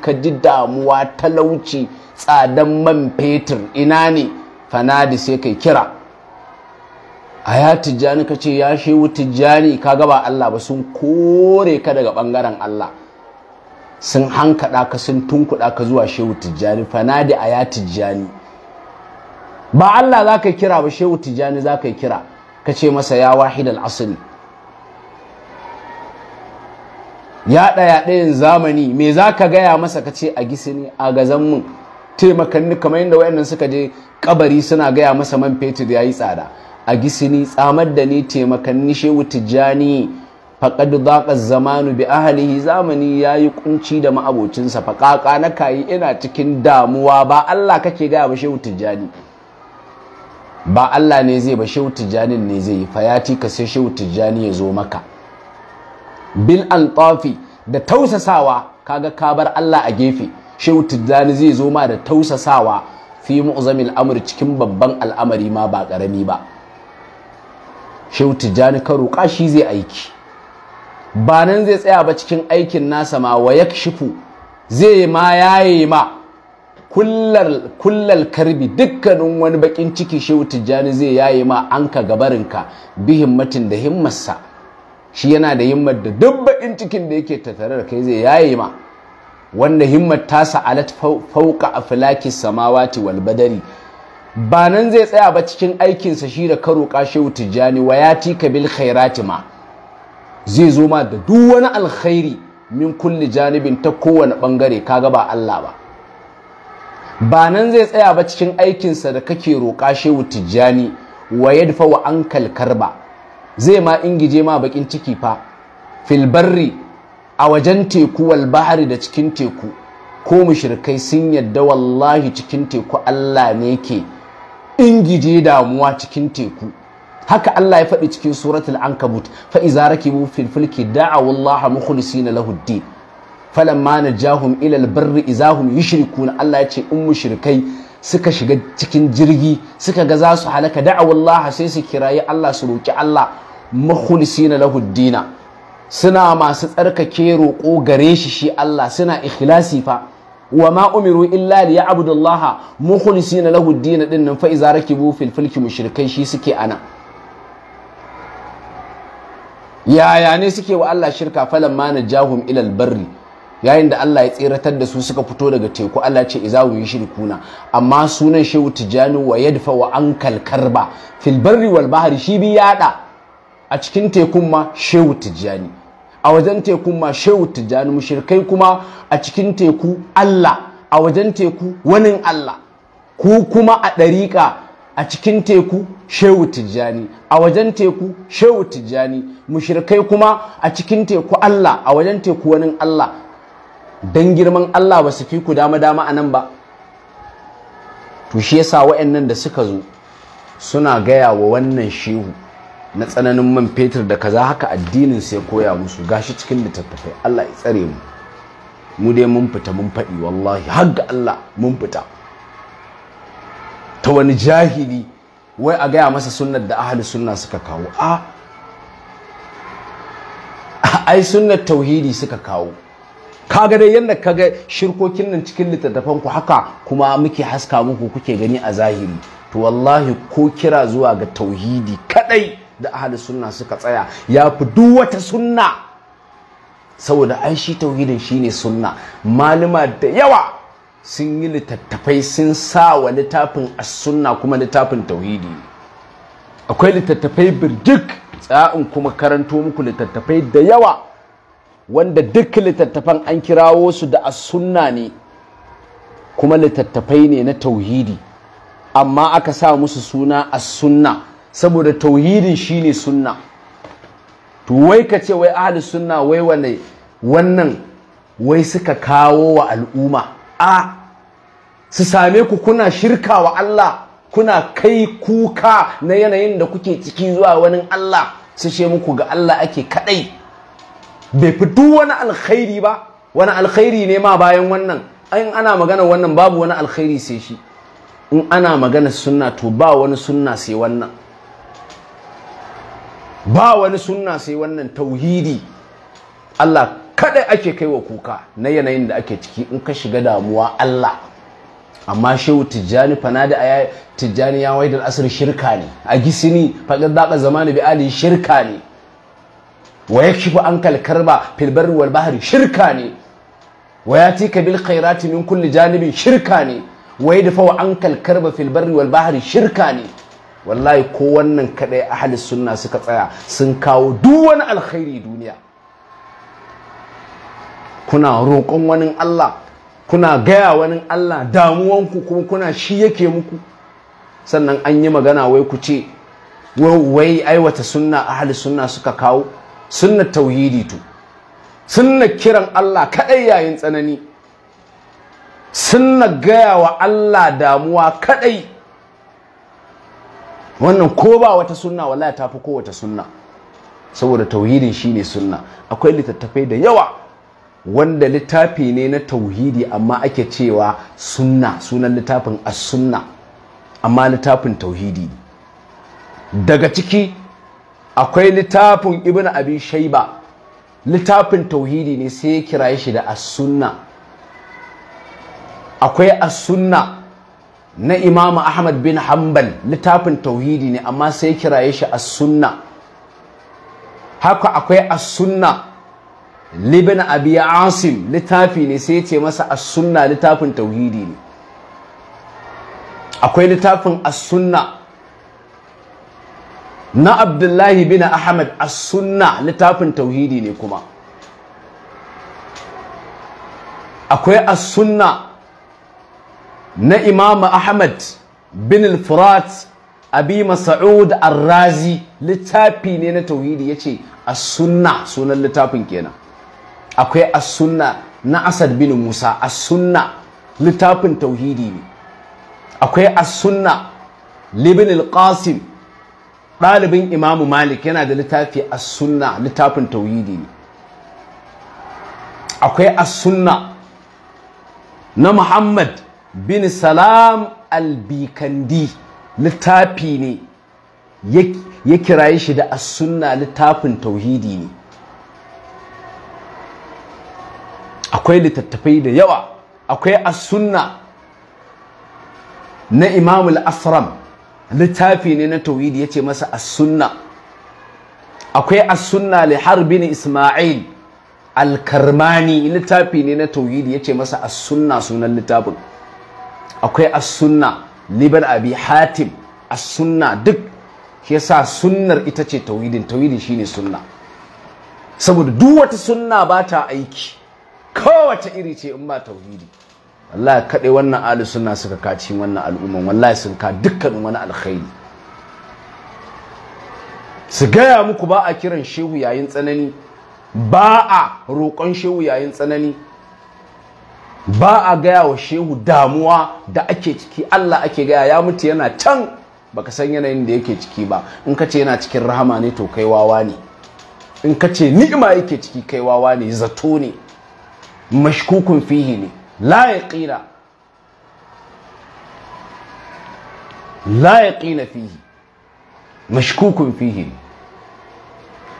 ka tsadan man fetur ina ne fanadi sai kai kira a ya tijjani ka ce ya shewu tijjani ka gaba Allah ba sun kore ka daga ɓangaren Allah sun hankaɗa ka sun tunkuɗa ka zuwa shewu tijjani fanadi a ya tijjani ba Allah za ka kira ba shewu tijjani za ka kira ka ce masa ya wahid al'asiri ya ɗaya ɗayan zamani me za ka gaya masa ka ce a gisini a gazanmu? taimakanni kamar yadda wayannan suka je kabari suna gaya masa man fetur ya yi tsada a gisini tsamar da ni taimakanni shehu tijjani faƙad zaƙar zamanu bi ahalihi zamani ya yi ƙunci da ma'abocinsa faƙaƙa na kayi ina cikin damuwa ba Allah kake gaya ba shehu tijjani ba Allah ne zai ba shehu tijjanin ne zai yi fayati ka sai shehu tijjani ya zo maka bil an da tausasawa kaga ka bar Allah a gefe shehu tijjani zai zo ma da tausasawa fi mu'zamil amr cikin babban al'amari ma ba karami ba shehu tijjani ka roƙa shi zai aiki ba nan zai tsaya ba cikin aikin nasa ma wa yakshifu zai ma yaye ma kullal karbi dukkanin wani bakin ciki shehu tijjani zai yaye ma an ka gabarinka bi himmatin da himmarsa shi yana da himmar da duk bakin cikin da yake tattare da kai zai yaye ma wanda himmat ta alat fauka a filaki samawati wal badari ba nan zai tsaya ba cikin aikinsa shi da karo kashewu tijjani wa ya tika bil khairati ma zai zo ma da duk wani alkhairi min kulli janibin ta kowane bangare kaga ba Allah ba ba nan zai tsaya ba cikin aikinsa da kake roƙa shehu tijjani wa yadfa wa ankal karba zai ma ingije ma bakin ciki fa fil barri a wajen teku wal da cikin teku ko mushrikai sun yadda wallahi cikin teku Allah ne ke ingije damuwa cikin teku haka Allah ya faɗi cikin suratul ankabut fa iza rakibu fil fulki da'aw Allah mukhlisina lahu ad-din falamma najahum ila al-barri iza shirku na Allah ya ce in mushrikai suka shiga cikin jirgi suka ga za su halaka da'aw Allah sai su kirayi Allah su roki Allah mukhlisina lahu ad suna masu tsarkake roƙo gare shi shi Allah suna ikhlasi fa wa ma umiru illa li abdullah mukhlisina lahu din din nan fa iza rakibu fil fulki mushrikai shi suke ana yaya ne suke wa Allah shirka "Falan ma najahum ila al-barri yayin da Allah ya tseratar da su suka fito daga teku Allah ce iza wa yushrikuna amma sunan shehu tijanu wa yadfa wa ankal karba fil barri wal bahri shi bi yada a cikin tekun ma shehu tijjani a wajen tekun ma shehu tijjani mushirkai kuma a cikin teku Allah a wajen teku wani Allah ku kuma a ɗariƙa a cikin teku shehu tijjani a wajen teku shehu tijjani mushirkai kuma a cikin teku Allah a wajen teku wani Allah dan girman Allah ba su fi ku dama dama a nan ba to shi yasa wa'annan da suka zo suna gaya wa wannan shehu na tsananin man fetur da kaza haka addinin sai koya musu gashi cikin littattafai Allah ya tsare mu mu dai mun fita mun faɗi wallahi har ga Allah mun fita ta wani jahili wai a gaya masa sunnar da ahli sunna suka kawo a ai sunnar tauhidi suka kawo kaga dai yadda kaga shirkokin nan cikin littattafan ku haka kuma muke haska muku kuke gani a zahiri to wallahi ko kira zuwa ga tauhidi kadai da ahli sunna suka tsaya ya fi duk wata sunna saboda ai shi tauhidin shine sunna malama da yawa sun yi littattafai sun sa wa littafin as-sunna kuma littafin tauhidi akwai littattafai birjik tsa'in kuma karanto muku littattafai da yawa wanda duk littattafan an kirawo su da as-sunna ne kuma littattafai ne na tauhidi amma aka sa musu suna as-sunna saboda tauhidin shine sunna to wai ka ce wai ahli sunna wai wane wannan wai suka kawo wa al'umma a su same ku kuna shirka wa Allah kuna kai kuka na yanayin da kuke ciki zuwa wani Allah su ce muku ga Allah ake kadai bai fito wani alkhairi ba wani alkhairi ne ma bayan wannan in ana magana wannan babu wani alkhairi sai shi in ana magana sunna to ba wani sunna sai wannan ba wani sunna sai wannan tauhidi Allah kada ake kai wa kuka na yanayin da ake ciki in ka shiga damuwa Allah amma shehu tijjani fana da aya tijjani ya waidar asir shirka ne a gisini faɗin daƙa zamani bi ali shirka ne wa ya kifu an kalkarba filbar wal bahari shirka ne wa ya bil khairati min kulli janibin shirka ne wa ya dafa wa an kalkarba wal bahari shirka ne wallahi ko wannan kadai ahli sunna suka tsaya sun kawo duk wani alkhairi duniya kuna roƙon wani Allah kuna gaya wani Allah damuwanku kuma kuna shi yake muku sannan an yi magana wai ku ce wai aiwata sunna ahli sunna suka kawo sunna tauhidi tu sunna kiran Allah kaɗai yayin tsanani sunna gaya wa Allah damuwa kaɗai. wannan ko ba wata sunna wallahi ta fi kowace sunna saboda tauhidin shine sunna akwai littattafai da yawa wanda littafi ne na tauhidi amma ake cewa sunna sunan littafin as-sunna amma littafin tauhidi daga ciki akwai littafin ibn abi shaiba littafin tauhidi ne sai ya kira shi da as-sunna akwai as-sunna na imamu ahmad bin hanbal littafin tauhidi ne amma sai kiraye shi a sunna haka akwai a sunna libin abi asim littafi ne sai ce masa a sunna littafin tauhidi ne akwai littafin a sunna na abdullahi bin ahmad a sunna littafin tauhidi ne kuma akwai a sunna na Imam Ahmad bin al-Furat Abi Mas'ud Ar-Razi littafi ne na tauhidi yace as-sunna sunan littafin kenan akwai as-sunna na Asad bin Musa as-sunna littafin tauhidi ne akwai as-sunna libin al-Qasim ɗalibin Imam Malik yana da littafi as-sunna littafin tauhidi ne akwai as-sunna na Muhammad bin salam albikandi littafi ne ya kiraye shi da asunna sunna littafin tauhidi ne akwai littattafai da yawa akwai asunna na imam al-asram littafi ne na tauhidi ya ce masa as akwai asunna sunna li harbin isma'il al-karmani littafi ne na tauhidi ya ce masa asunna sunan littafin akwai as-sunna liban abi hatim as-sunna duk yasa sunnar ita ce tauhidin tauhidi shine sunna saboda duk wata sunna ba ta aiki kowace iri ce in ba tauhidi wallahi kaɗai wannan Ali sunna suka kaci wannan al'umman wallahi sun ka dukkanin wani alkhairi su gaya muku ba a kiran shehu yayin tsanani ba a roƙon shehu yayin tsanani ba a gaya wa shehu damuwa da ake ciki Allah ake gaya ya mutu yana can baka san yanayin da yake ciki ba in ka ce yana cikin rahama ne to kai wawa ne in ka ce ni'ima yake ciki kai wawa ne zato ne mashkukun fihi ne la yaqina fihi mashkukun fihi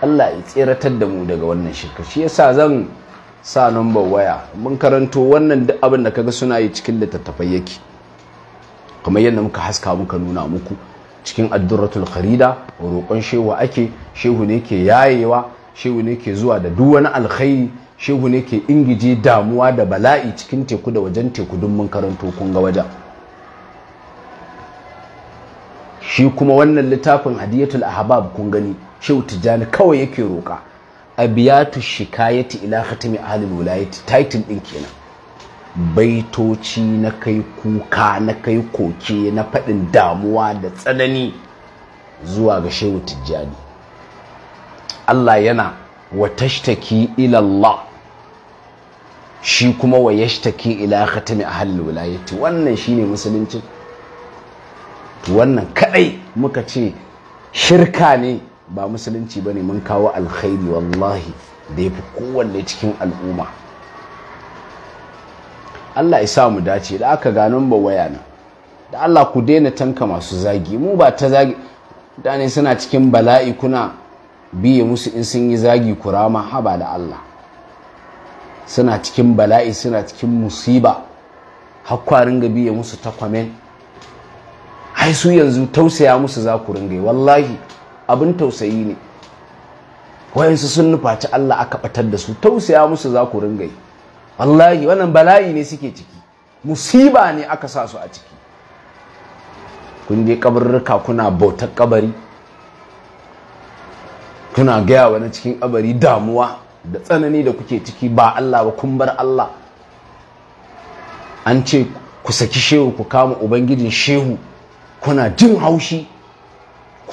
Allah ya tseratar da mu daga wannan shirka shi yasa zan sa number waya mun karanto wannan duk abin da kaga suna yi cikin littattafai yake kamar yadda muka haska muka nuna muku cikin addurratul kharida roƙon shehu ake shehu ne ke yayewa shehu ne ke zuwa da duk wani alkhairi shehu ne ke ingije damuwa da bala'i cikin teku da wajen teku duk mun karanto kun ga wajen shi kuma wannan littafin hadiyatul ahbab kun gani shehu tijjani kawai yake roƙa abiyatu shikayati ila khatami ahli wilayati title din kenan baitoci na kai kuka na kai koke na faɗin damuwa da tsanani zuwa ga shehu tijjani Allah yana wa tashtaki ila Allah shi kuma wa yashtaki ila khatami ahli wilayati wannan shine musulunci wannan kadai muka ce shirka ne ba musulunci ba ne mun kawo alkhairi wallahi da ya fi kowanne cikin al'umma Allah ya sa mu dace da aka gano ba waya na da Allah ku daina tanka masu zagi mu ba ta zagi mutane suna cikin bala'i kuna biye musu in sun yi zagi kurama haba da Allah suna cikin bala'i suna cikin musiba hakwarin ga biye musu takwamen ai su yanzu tausaya musu za ku ringa wallahi abin tausayi ne wayansu sun nufaci Allah aka batar da su tausaya musu za ku ringa yi wallahi wannan bala'i ne suke ciki musiba ne aka sa su a ciki kun je kabarruka kuna bautar kabari kuna gaya wani cikin kabari damuwa da tsanani da kuke ciki ba Allah ba kun bar Allah an ce ku saki shehu ku kama ubangijin shehu kuna jin haushi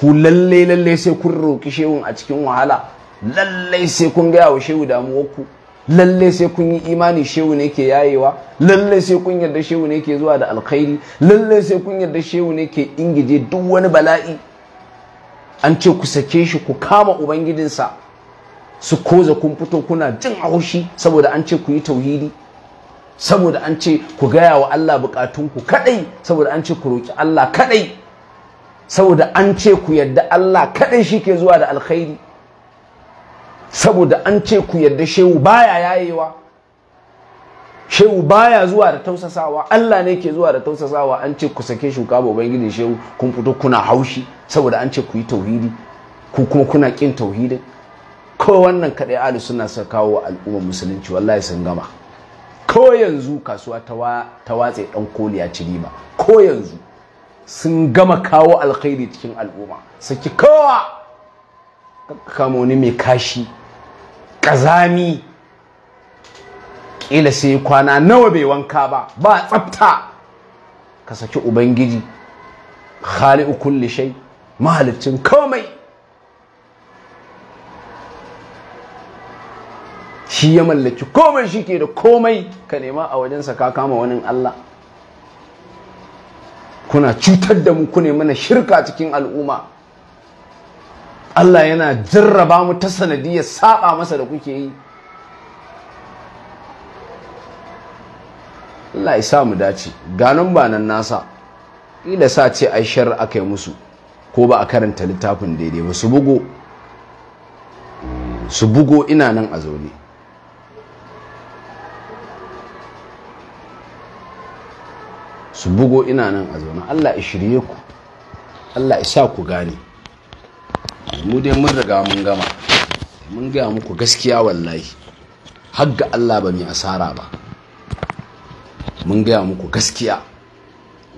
ku lalle lalle sai kun roki shehun a cikin wahala lalle sai kun gaya wa shehu damuwarku lalle sai kun yi imani shehu ne ke yayewa lalle sai kun yarda shehu ne ke zuwa da alkhairi lalle sai kun yarda shehu ne ke ingije duk wani bala'i an ce ku sake shi ku kama ubangijinsa su koza kun fito kuna jin haushi saboda an ce ku yi tauhidi saboda an ce ku gaya wa Allah bukatunku kadai saboda an ce ku roki Allah kadai saboda an ce ku yadda Allah kaɗai shi ke zuwa da alkhairi saboda an ce ku yadda shehu baya yayewa shehu baya zuwa da tausasawa Allah ne ke zuwa da tausasawa an ce ku sake shuka ba ubangiji shehu kun fito kuna haushi saboda an ce ku yi tauhidi ku kuma kuna kin tauhidin ko wannan kaɗai, ali suna sa kawo al'umma musulunci wallahi sun gama ko yanzu kasuwa ta watse dan koliya ci riba ko yanzu sun gama kawo alkhairi cikin al'umma saki kowa kama wani mai kashi ƙazami ƙila sai kwana nawa bai wanka ba ba tsafta ka saki ubangiji khali'u kulli lishai. mahalicin komai shi ya mallaki komai shi ke da komai ka nema a wajensa ka kama wani Allah kuna cutar da mu kune mana shirka cikin al'umma Allah yana jarraba mu ta sanadiyar saba masa da kuke yi Allah ya sa mu dace ganin ba nan nasa ila sa ce ai shar aka yi musu ko ba a karanta littafin daidai ba su bugo su bugo ina nan a zaune su bugo ina nan a zaune allah ya shirye ku allah ya sa ku gane mu dai mun riga mun gama mun gaya muku gaskiya wallahi har ga allah ba mai asara ba mun gaya muku gaskiya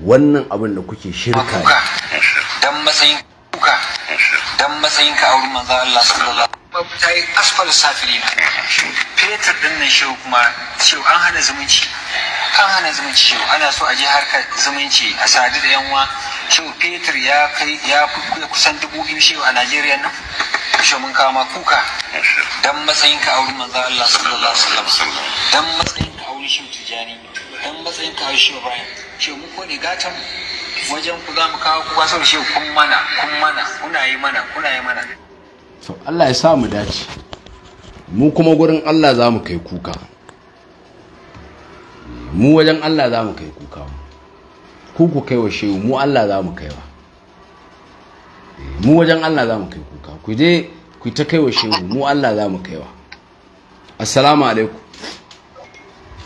wannan abin da kuke shirka ne dan matsayin kuka dan matsayin ka auri manzo Allah sallallahu alaihi ta yi asfal safilina fetur din nan shehu kuma shi an hana zumunci an hana zumunci yau ana so a je harkar zumunci a sadu da yanwa shehu petir ya kai ya kusan dubu biyu shi a najeriya nan shi mun kama kuka dan matsayin ka auri manzo Allah sallallahu alaihi wasallam dan matsayin ka auri shi tijani dan matsayin ka auren shehu bayan shi mun kone gatan wajen ku za mu kawo kuka sau shi kun mana kun mana kuna yi mana kuna yi mana to Allah ya sa mu dace mu kuma gurin Allah za mu kai kuka mu wajen Allah za mu kai kuka mu ku ku kai wa shehu mu Allah za mu kai wa eh, mu wajen Allah za mu kai kuka ku je ku ta kai wa shehu mu Allah za mu kai wa assalamu alaikum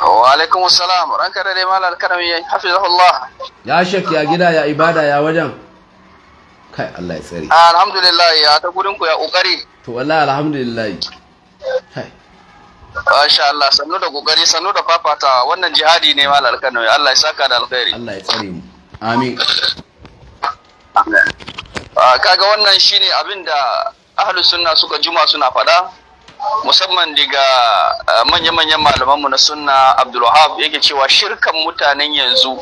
wa alaikum assalam ranka da dai malal karami yayi hafizahullah ya shek ya gida ya ibada ya wajen kai Allah ya tsare alhamdulillah ya ta gurin ku ya kokari to wallahi alhamdulillah kai Masha Allah sannu da kokari sannu da fafata wannan jihadi ne mal alkano Allah ya saka da alkhairi Allah ya tsare mu amin ah, kaga wannan shine abin da ahlus sunna suka juma suna fada musamman daga ah, manya-manyan malamanmu na sunna Abdul Wahab yake cewa shirkan mutanen yanzu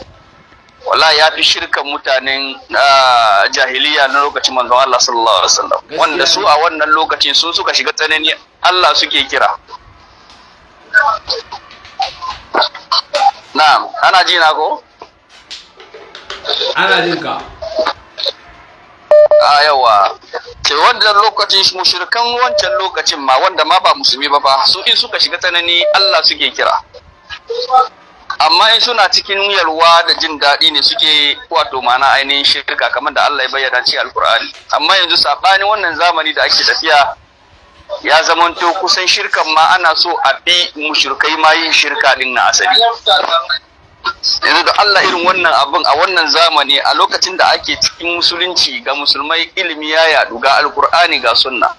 wala ya fi shirkan mutanen ah, jahiliya na lokacin manzon Allah sallallahu alaihi wasallam wanda su a wannan lokacin sun suka shiga tsanani Allah suke kira na'am ana ko ana jin ka a ah, yawa ce wannan lokacin mushrikan wancan lokacin ma wanda ma ba musulmi ba ba su in suka shiga tsanani Allah suke kira amma in suna cikin yalwa da jin daɗi ne suke wato mana ainihin shirka kamar da Allah ya bayyana cikin alkur'ani amma yanzu saɓani wannan zamani da ake tafiya ya zamanto kusan shirkan ma ana so a bi mushrikai ma yin shirka din na asali yanzu da Allah irin wannan abin a wannan zamani a lokacin da ake cikin musulunci ga musulmai ilimi ya yadu ga alkur'ani ga sunna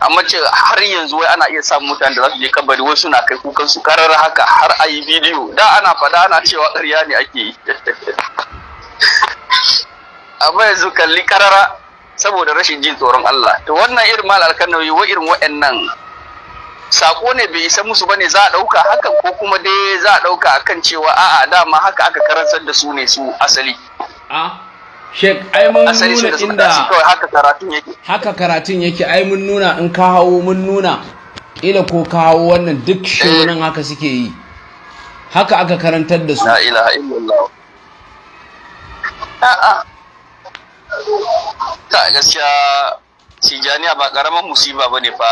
amma ce har yanzu wai ana iya samun mutane da za su je kabari wasu na kai kukan su karar haka har a yi bidiyo da ana fada ana cewa ƙarya ne ake yi <laughs> amma yanzu kalli karara saboda rashin jin tsoron Allah to wannan irin mal alkanawi wa irin wa'annan sako ne bai isa musu bane za a dauka hakan ko kuma dai za a dauka akan cewa a'a dama haka aka karantar da su ne su asali a Sheikh ai mun nuna inda haka karatun yake haka karatun yake ai mun nuna in ka hawo mun nuna ila ko ka hawo wannan duk shirin eh. haka suke yi haka aka karantar da su la ilaha illallah a'a ta gaskiya tijaniya ba karamin musiba ba ne fa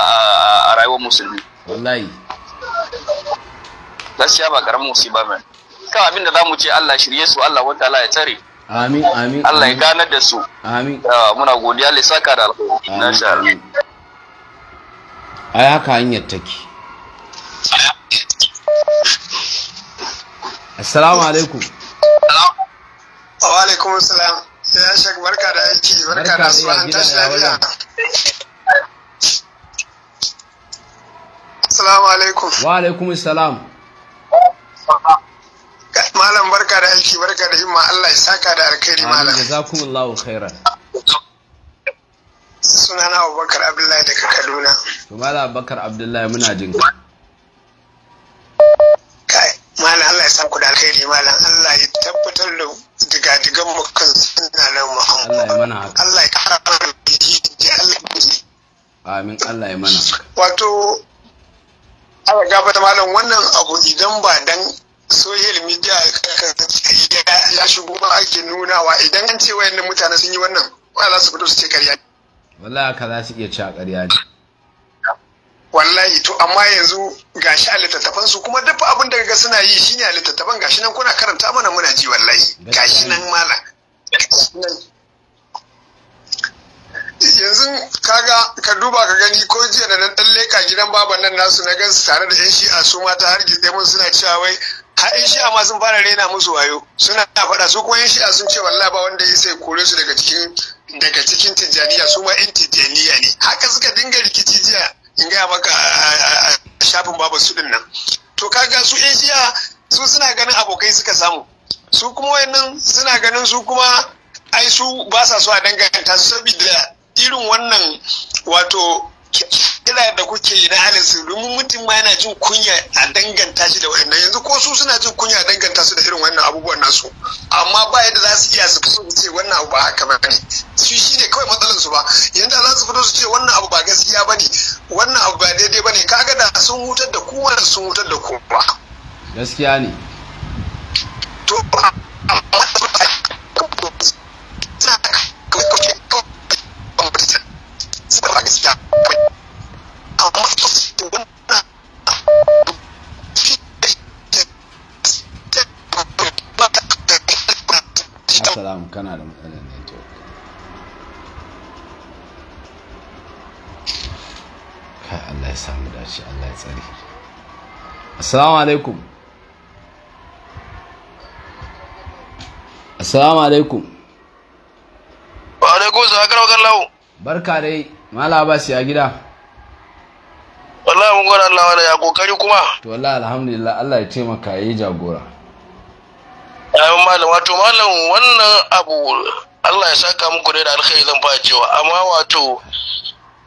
a rayuwar musulmi wallahi gaskiya ba karamin musiba ba kan abin da zamu ce Allah shirye su Allah wa ta'ala ya tare amin amin Allah ya ganar da su amin muna godiya le saka da alkhairi na sha Allah ai haka hanyar take assalamu alaikum wa alaikum assalam ya shek barka da aiki barka da su an tashi lafiya assalamu alaikum wa alaikum assalam malam barka da aiki barka da himma Allah ya saka da alkhairi malam jazakumullahu khairan sunana Abubakar Abdullahi daga Kaduna to malam Abubakar Abdullahi muna jinka malam Allah ya sa ku da alheri malam Allah ya tabbatar da digadigan mu kan sunna na Muhammad Allah ya kara mana amin Allah ya mana wato Allah gabata malam wannan abu idan ba dan social media ya shigo ba ake nunawa idan an ce wayannan mutane sun yi wannan wala su fito su ce karya ne wallahi ka za su iya ci a karya ne wallahi to amma yanzu gashi a littattafan su kuma dafa abin da ga suna yi shine a littattafan gashi nan kuna karanta mana muna ji wallahi gashi nan mala yanzu kaga ka duba ka gani ko jiya da nan dan leka gidan baban nan nasu na gansu tare da yan shi'a su mata ta ji mun suna cewa wai har yan shi'a ma sun fara rena musu wayo suna faɗa su kuma yan shi'a sun ce wallahi ba wanda ya sai kore su daga cikin daga cikin tijjaniya su ma yan tijjaniya ne haka suka dinga rikici jiya in gaya maka a shafin babu su nan to kaga su yan su suna ganin abokai suka samu su kuma wayannan suna ganin su kuma ai su ba sa so a danganta su saboda irin wannan wato Kila da kuke yi na halin su domin mutum ma yana jin kunya a danganta shi da wannan yanzu ko su suna jin kunya a danganta su da irin wannan abubuwan nasu amma ba yadda za su iya su fito su ce wannan abu ba haka ba ne su shi ne kawai matsalar su ba yadda za su fito su ce wannan abu ba gaskiya ba ne wannan abu ba daidai ba ne Ka gada sun hutar da kuma da sun hutar da kuma gaskiya ne to amma suka Assalamu kana da matsalar network. Kai Allah ya samu dace Allah ya tsare. Assalamu alaikum. Assalamu alaikum. Wa alaikum salam karawa Barka dai. mala shi a gida wallahi mun gode Allah wala ya kokari kuma to wallahi alhamdulillah Allah ya taimaka yayi jagora ayyun malam wato malam wannan abu Allah ya saka muku da alkhairi zan fara cewa amma wato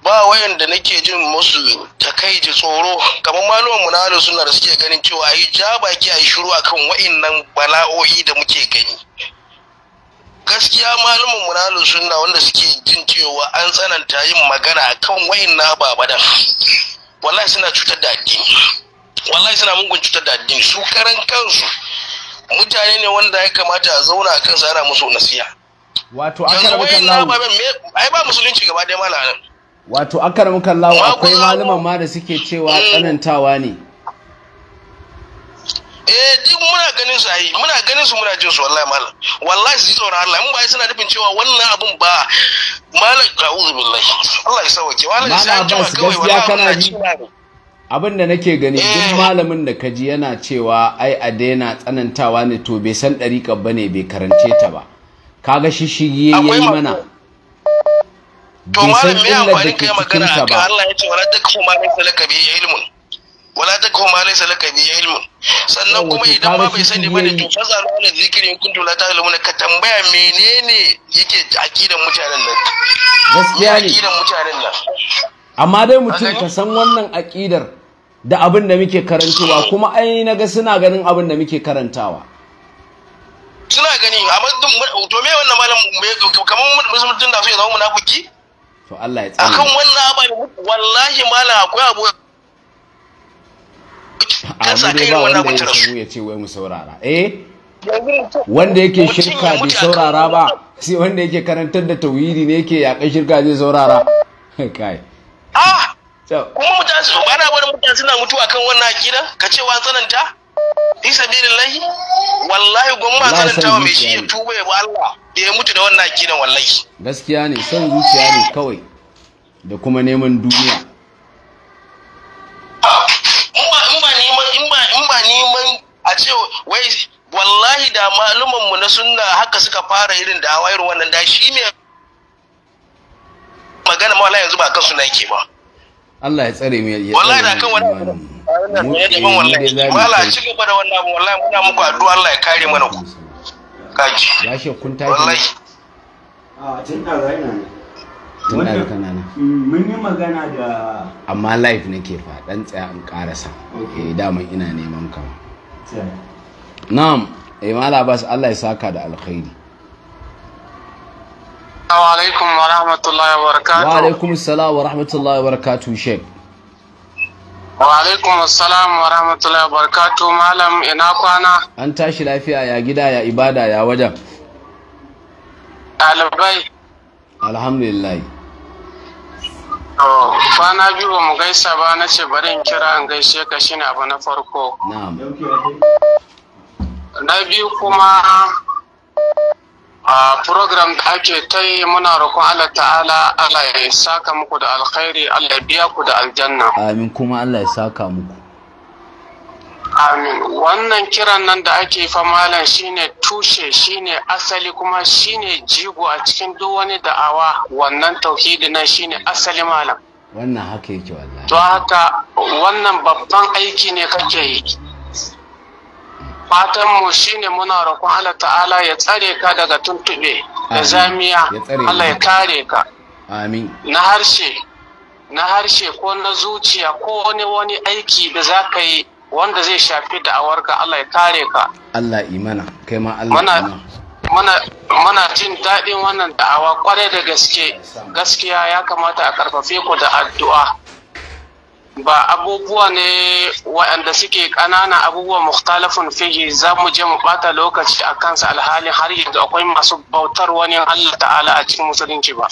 ba da nake jin musu takaici tsoro kamar mu na suna da suke ganin cewa ai ja baki ai shiru akan wa'innan bala'o'i da muke gani gaskiya malamin munalin sunna wanda suke jin cewa an tsananta yin magana kan wayin na babadan wallahi suna cutar da addini wallahi suna mungun cutar da addini su karan kansu mutane ne wanda ya kamata a zauna kan su ana musu nasiya wato aka rabu kallahu ai ba musulunci gaba dai malamin wato aka rabu kallahu akwai malaman ma da suke cewa mm. tsanantawa ne eh duk muna ganin su ayi muna ganin su muna jin su wallahi malam wallahi su ji Allah mun bai suna nufin cewa wannan abun ba malam a'udhu billahi Allah ya sauke wallahi sai jima kawai gaskiya kana ji abin da nake gani duk eh. malamin da kaji yana cewa ai a daina tsanantawa ne to bai san dariƙar ba ne bai karance ta ba kaga shi shige ya yi mana to malam me amfani kai magana ka Allah ya ce wala takfu ma laysa laka bi ilmun wala ta kuma malai salaka bi ilmu sannan kuma idan ma bai sani bane to fa zanu ala zikiri in kuntum la ta'lamuna ka tambaya menene yake akidan mutanen nan gaskiya ne akidan mutanen nan amma dai mutum ka san wannan akidar da abin da muke karantawa kuma ai na ga suna ganin abin da muke karantawa suna gani amma to me wannan malam kamar musulmin da su ya zama munafiki to Allah ya tsare akan wannan abin wallahi malam akwai abu a mu dai ba wanda ya samu ya ce wai saurara eh wanda yake shirka bai saurara ba sai wanda yake karantar da tawiri ne yake yakan shirka zai saurara <laughs> kai a kuma mutane su bana barin mutane suna mutuwa kan wannan akida ka ce wa tsananta fi sabilillahi wallahi gwamma tsananta wa mai shi ya tuba ya ba Allah da ya mutu da wannan akidan wallahi gaskiya ne son zuciya ne kawai da kuma neman duniya in ba neman a ce wai wallahi da malumin mu na sunna haka suka fara irin da wayar wannan da shi ne magana ma wallahi yanzu ba kan sunna yake ba Allah ya tsare mu ya wallahi da kan wannan wallahi eh, ci gaba da wannan wallahi muna muku addu'a Allah ya kare mana ku kaji ya shi kun tafi wallahi a tun da raina ne tun da kana mm, mun yi magana da amma live nake fa ɗan tsaya in karasa eh daman ina neman ka na'am eh mala bas Allah ya saka da alkhairi wa rahmatullahi wa barakatuh Wa alaikum assalam wa rahmatullahi wa barakatuh Sheikh Wa alaikum assalam wa rahmatullahi wa barakatuh malam ina kwana An tashi lafiya ya gida ya ibada ya wajen Ɗalibai Alhamdulillah kwana biyu ba mu gaisa ba na ce bari in kira in gaishe ka shine abu na farko na biyu kuma a program da ake ta yi muna roƙon Allah ta'ala Allah ya saka muku da alkhairi Allah ya biya ku da aljanna amin kuma Allah ya saka muku Amin. Wannan kiran nan da ake famalan shine tushe shine asali kuma shine jigo a cikin duk wani da'awa wannan tauhidi nan shine asali malam. Wannan haka yake wallahi. To haka wannan babban aiki ne kake yi. Fatan mu shine muna roƙon Allah ta'ala ya tsare ka daga tuntube da zamiya Allah ya kare ka. Amin. Na harshe na harshe ko na zuciya ko wani wani aiki da za ka yi wanda zai shafi da'awarka Allah ya kare ka Allah imana kai ma Allah mana jin daɗin wannan da'awa kwarai da gaske gaskiya ya kamata a karfafe ku da addu'a ba abubuwa ne waɗanda suke ƙanana abubuwa muktalafin fihi za mu je mu ɓata lokaci a kansa alhali har yanzu akwai masu bautar wani Allah ta'ala a cikin musulunci ba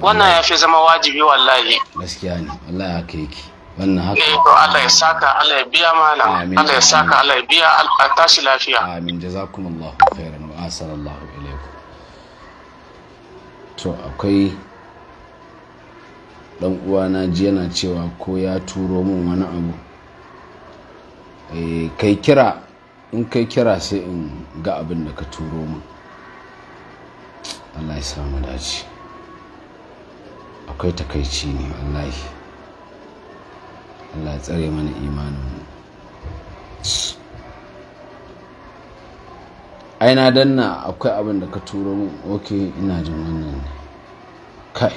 wannan ya fi zama wajibi wallahi gaskiya ne ya kai ki. wannan haka eh to Allah ya saka Allah ya biya mana Allah ya saka Allah ya biya Allah tashi lafiya amin jazakumullahu khairan wa asallallahu ilaikum to akwai dan uwa na ji yana cewa ko ya turo min wani abu eh kai kira in kai kira sai in ga abin da ka turo min Allah ya samu dace akwai takaici ne wallahi Allah ya tsare mana imaninmu ai na danna akwai abin da ka turo mu ok ina jin wannan ne kai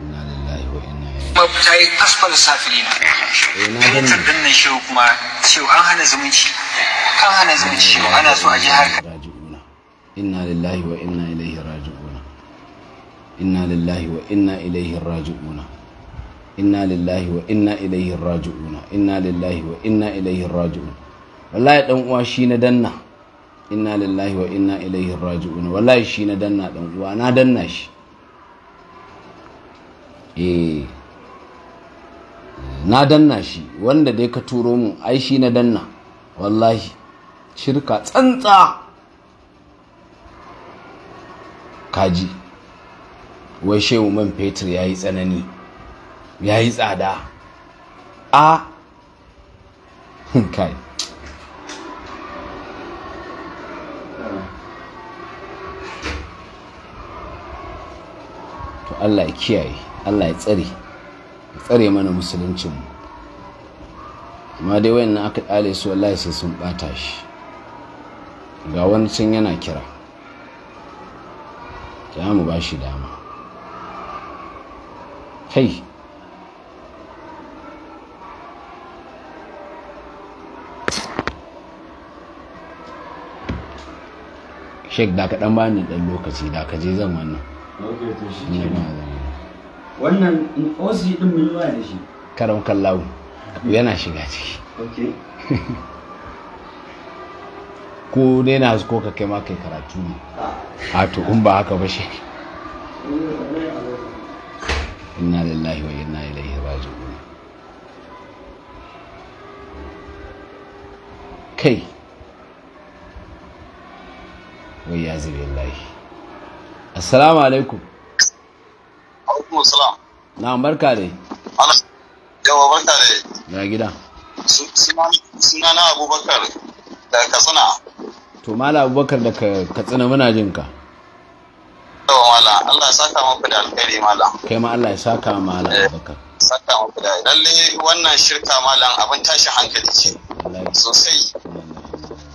inna lillahi wa inna ilaihi ta yi asfal safilina na eh, danna danna shi kuma cewa an hana zumunci an hana zumunci ana so a ji har inna lillahi wa inna ilaihi raji'una inna lillahi wa inna ilaihi raji'una inna lillahi wa inna ilaihi raji'una inna lillahi wa inna ilaihi raji'un wallahi dan uwa shi na danna inna lillahi wa inna ilaihi raji'un wallahi shi na danna dan uwa na danna shi eh na danna shi wanda dai ka turo mu ai shi na danna wallahi shirka tsantsa kaji wai shehu man fetur ya yi tsanani ya yi tsada a <laughs> kai to allah ya kiyaye allah ya tsare ya tsare mana musuluncinmu amma dai wayannan aka ƙale su wallahi sai sun ɓata shi ga wani can yana kira za mu ba shi dama kai shek da ka dan bani dan lokaci da ka je zan wannan wannan osi din mun da shi karam kallawu yana shiga ciki <laughs> ko dai na ko ka kai ma kai karatu ne a to in ba haka ba shi inna lillahi wa inna ilaihi raji'un kai wai ya zube lahi assalamu alaikum alaikum salam na barka dai yawa barka dai Na gida suna na abubakar da katsina to mala abubakar da katsina muna jin ka yawa mala allah ya saka maku da alkhairi mala kai ma allah ya saka mala eh, abubakar saka maku da lalle wannan shirka malam abin tashin hankali ce sosai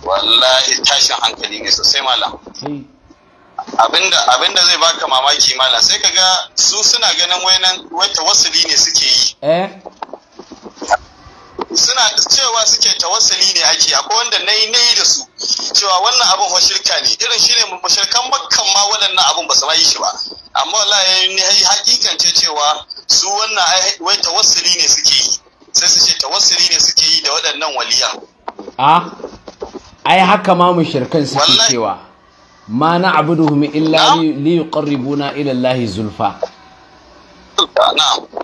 wallahi tashin hankali ne sosai malam abinda abinda zai baka mamaki malam sai kaga su suna ganin wayanan wai tawassuli ne suke yi eh suna cewa suke tawassuli ne ake akwai wanda nayi nayi da su cewa wannan abin wa shirka ne irin shine shirkan bakkan ma waɗannan abin ba su yi shi ba amma wallahi ne ce cewa su wannan wai tawassuli ne suke yi sai su ce tawassuli ne suke yi da waɗannan waliyan ah ai haka ma mushrikan suke cewa ma na abuduhum illa li yuqarribuna ila Allah zulfa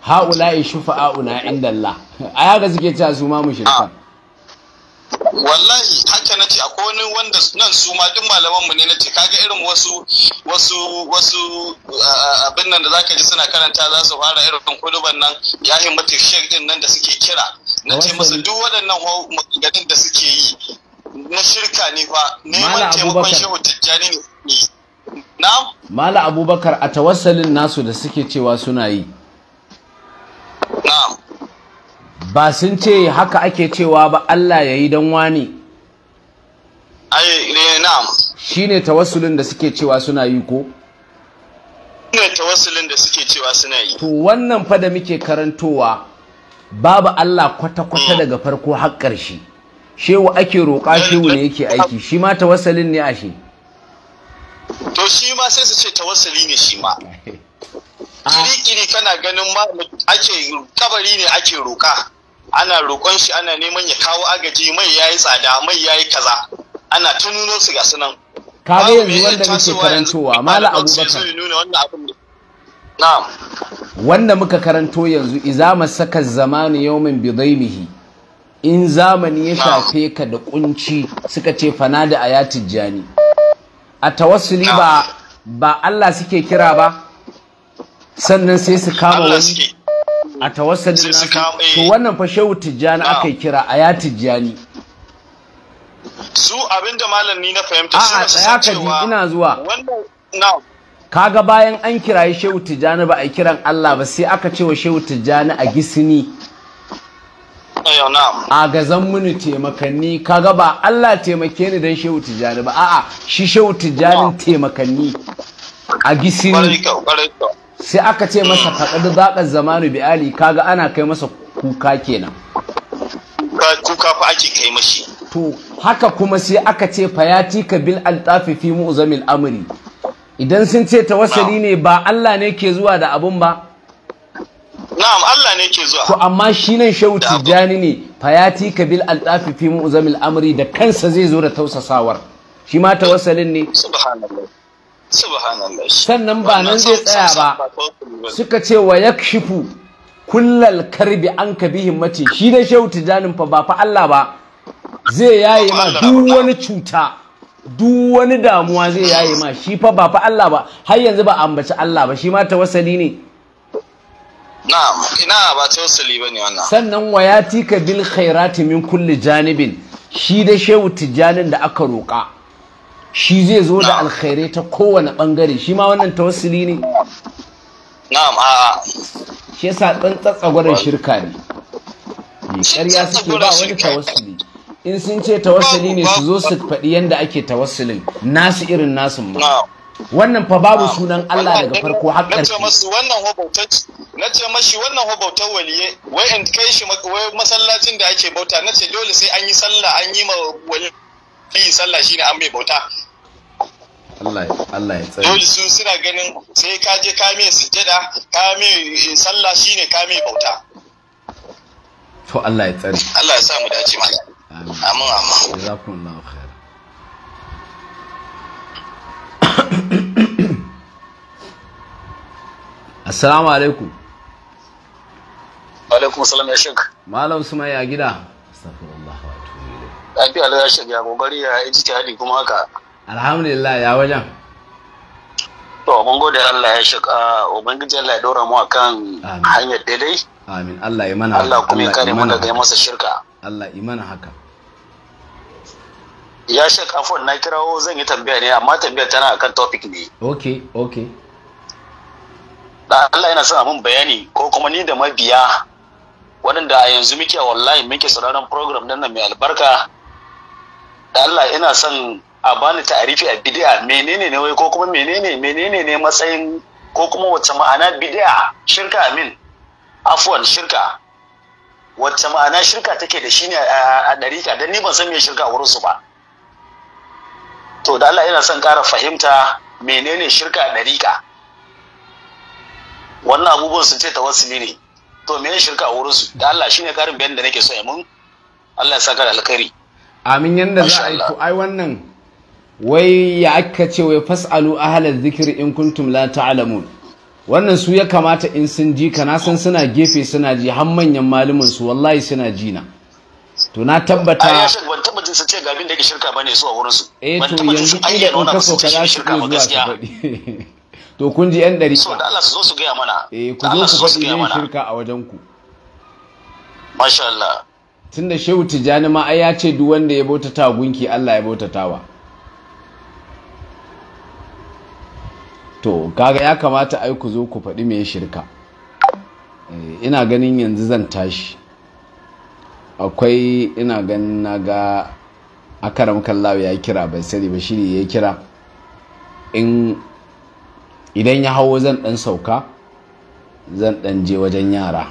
haula'i shufa'auna inda Allah ai haka suke cewa su ma mushrikan wallahi haka na ce akwai wani wanda nan su ma duk malaman mu ne na ce kaga irin wasu wasu wasu abin nan da zaka ji suna karanta za su fara irin kuduban nan ya himmatu shek din nan da suke kira na ce musu duk waɗannan maganganun da suke yi na shirka ne fa neman taimakon shehu tijjani ne na mala abubakar a tawassalin nasu da suke cewa suna yi na ba sun ce haka ake cewa ba Allah ya yi don wani shi ne tawassulin da suke cewa suna yi ko? ne tawassulin da suke cewa suna yi to wannan fa da muke karantowa babu Allah kwata-kwata mm. daga farko har ƙarshe shehu ake roƙa shehu ne yake aiki shi ma tawassalin ne a shi to shi ma sai su ce tawassali ne shi ma ah. kiri-kiri kana ganin ma ake kabari ne ake roƙa ana roƙon shi ana neman ya kawo agaji mai yayi tsada mai yayi kaza ana tununo su ga sunan kaga yanzu wanda muke karantowa mala abubakar wanda muka karanto yanzu iza masaka zamanu yawmin bidaimihi in zamani ya shafe ka da kunci suka ce fana da aya jani a tawassuli ba ba Allah suke kira ba sannan sai su kama wani a tawassuli nasu eh. to wannan fa shehu tijjani aka kira aya tijjani su abinda malam ni na fahimta suna tsaya ka ji ina zuwa kaga bayan an kiraye shehu tijjani ba a kiran Allah ba sai aka ce wa shehu tijjani a gisini a gazan mini taimakanni kaga ba Allah taimake ni dan shehu tijani ba a'a shi shehu tijanin taimakanni a gisiri sai aka ce masa faɗaɗa zaƙar zamanu bi ali kaga ana kai masa kuka kenan kuka fa ake kai mashi to haka kuma sai aka ce fayati ka bil altafi fi mu'zamil amri idan sun ce tawassali ne ba Allah ne ke zuwa da abun ba na'am Allah ne ke zuwa to amma shi nan shehu tijjani ne fayati kabil al-dafi fi mu'zamil amri da kansa zai zo da tausasawar shi ma tawassalin ne subhanallah sannan ba nan zai tsaya ba suka ce wa yakshifu kullal karbi an kabihin mace shi na Shauti tijjanin fa ba fa Allah ba zai yaye ma duk wani cuta duk wani damuwa zai yaye ma shi fa ba fa Allah ba har yanzu ba ambaci Allah ba shi ma tawassali ne na'am ina ba tawassuli bane wannan sannan wayatika bil khairati min kulli janibin shi da shehu tijanin da aka roƙa shi zai zo da alkhairai ta kowane bangare shi ma wannan tawassuli ne na'am a shi yasa tsantsatsa shirka ne ƙarya suke ba wani tawassuli in sun ce tawassuli ne su zo su faɗi yadda ake tawassulin nasu irin nasu ma wannan fa babu ah, sunan Allah daga farko har ƙarshe nace masu wannan hobautar nace mashi wannan hobauta waliye wai in kai shi wai masallacin da ake bauta nace dole sai an yi sallah an yi ma wali sallah shine an mai bauta Allah ya Allah ya tsare dole su suna ganin sai ka je ka mai sujjada ka mai eh, sallah shine ka mai bauta to Allah ya tsare Allah ya sa mu dace ma. amin amin jazakumullahu assalamu alaikum alaikum salam ya shek malam suma ya gida astaghfirullah wa atubu ilayh abi Allah ya shek ya gobari ya ijtihadi kuma haka alhamdulillah ya wajen to mun gode Allah ya shek a ah, ubangiji Allah ya dora mu akan hanyar daidai amin Allah ya mana Allah kuma ya kare mu daga masa shirka Allah ya mana haka ya shek afon na kirawo zan yi tambaya ne amma tambaya tana akan topic ne okay okay da Allah yana son abin bayani ko kuma ni da mabiya waɗanda a yanzu muke wallahi muke sauraron program nan mai albarka da Allah ina son a bani ta'arifi a bidiya menene ne wai ko kuma menene menene ne matsayin ko kuma wacce ma'ana bidiya shirka amin afuwan shirka wacce ma'ana shirka take da shi ne a ɗarika don ni ban san me shirka a su ba to da Allah ina son ƙara fahimta menene shirka a ɗarika wannan abubuwan sun ce tawassuli ne to me ne shirka a wurin su da Allah shine karin bayan da nake so mun Allah ya saka da alkhairi amin yanda za a yi to ai wannan wai ya aka ce wai fasalu ahlal zikri in kuntum la ta'lamun wannan su ya kamata in sun ji ka na san suna gefe suna ji har manyan malumin su wallahi suna ji na to na tabbata ya shi ban tabbacin su ce ga abin da yake shirka bane su a wurin eh, su eh to yanzu kila in kaso kaza shirka ba gaskiya. <laughs> to kun ji yan ɗari so da Allah su zo su gaya mana eh ku zo ku faɗi yin shirka a wajen ku masha Allah tunda shehu tijani ma ai ya ce duk wanda ya bautata gunki Allah ya bautatawa to kaga ya kamata ai ku zo ku faɗi me shirka eh, ina ganin yanzu zan tashi akwai ina ganin na ga akaram kallawa ya kira bai sani ba shiri ya kira in idan ya hawo zan dan sauka zan dan je wajen yara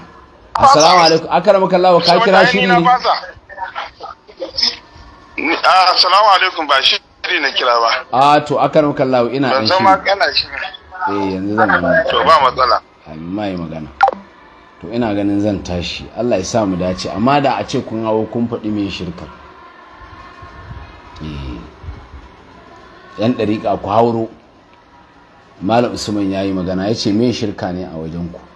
assalamu alaikum akaramu kallawa ka kira shiri ne ah, assalamu alaikum ba shiri na kira ba a to akaramu kallawa ina dan zama kana shiri eh yanzu zan magana to ba matsala amma yi magana to ina ganin zan tashi Allah ya sa mu dace amma da a ce kun hawo kun faɗi mai shirkar eh. yan ɗariƙa ku hauro malam usman ya yi magana ya ce me shirka ne a wajen ku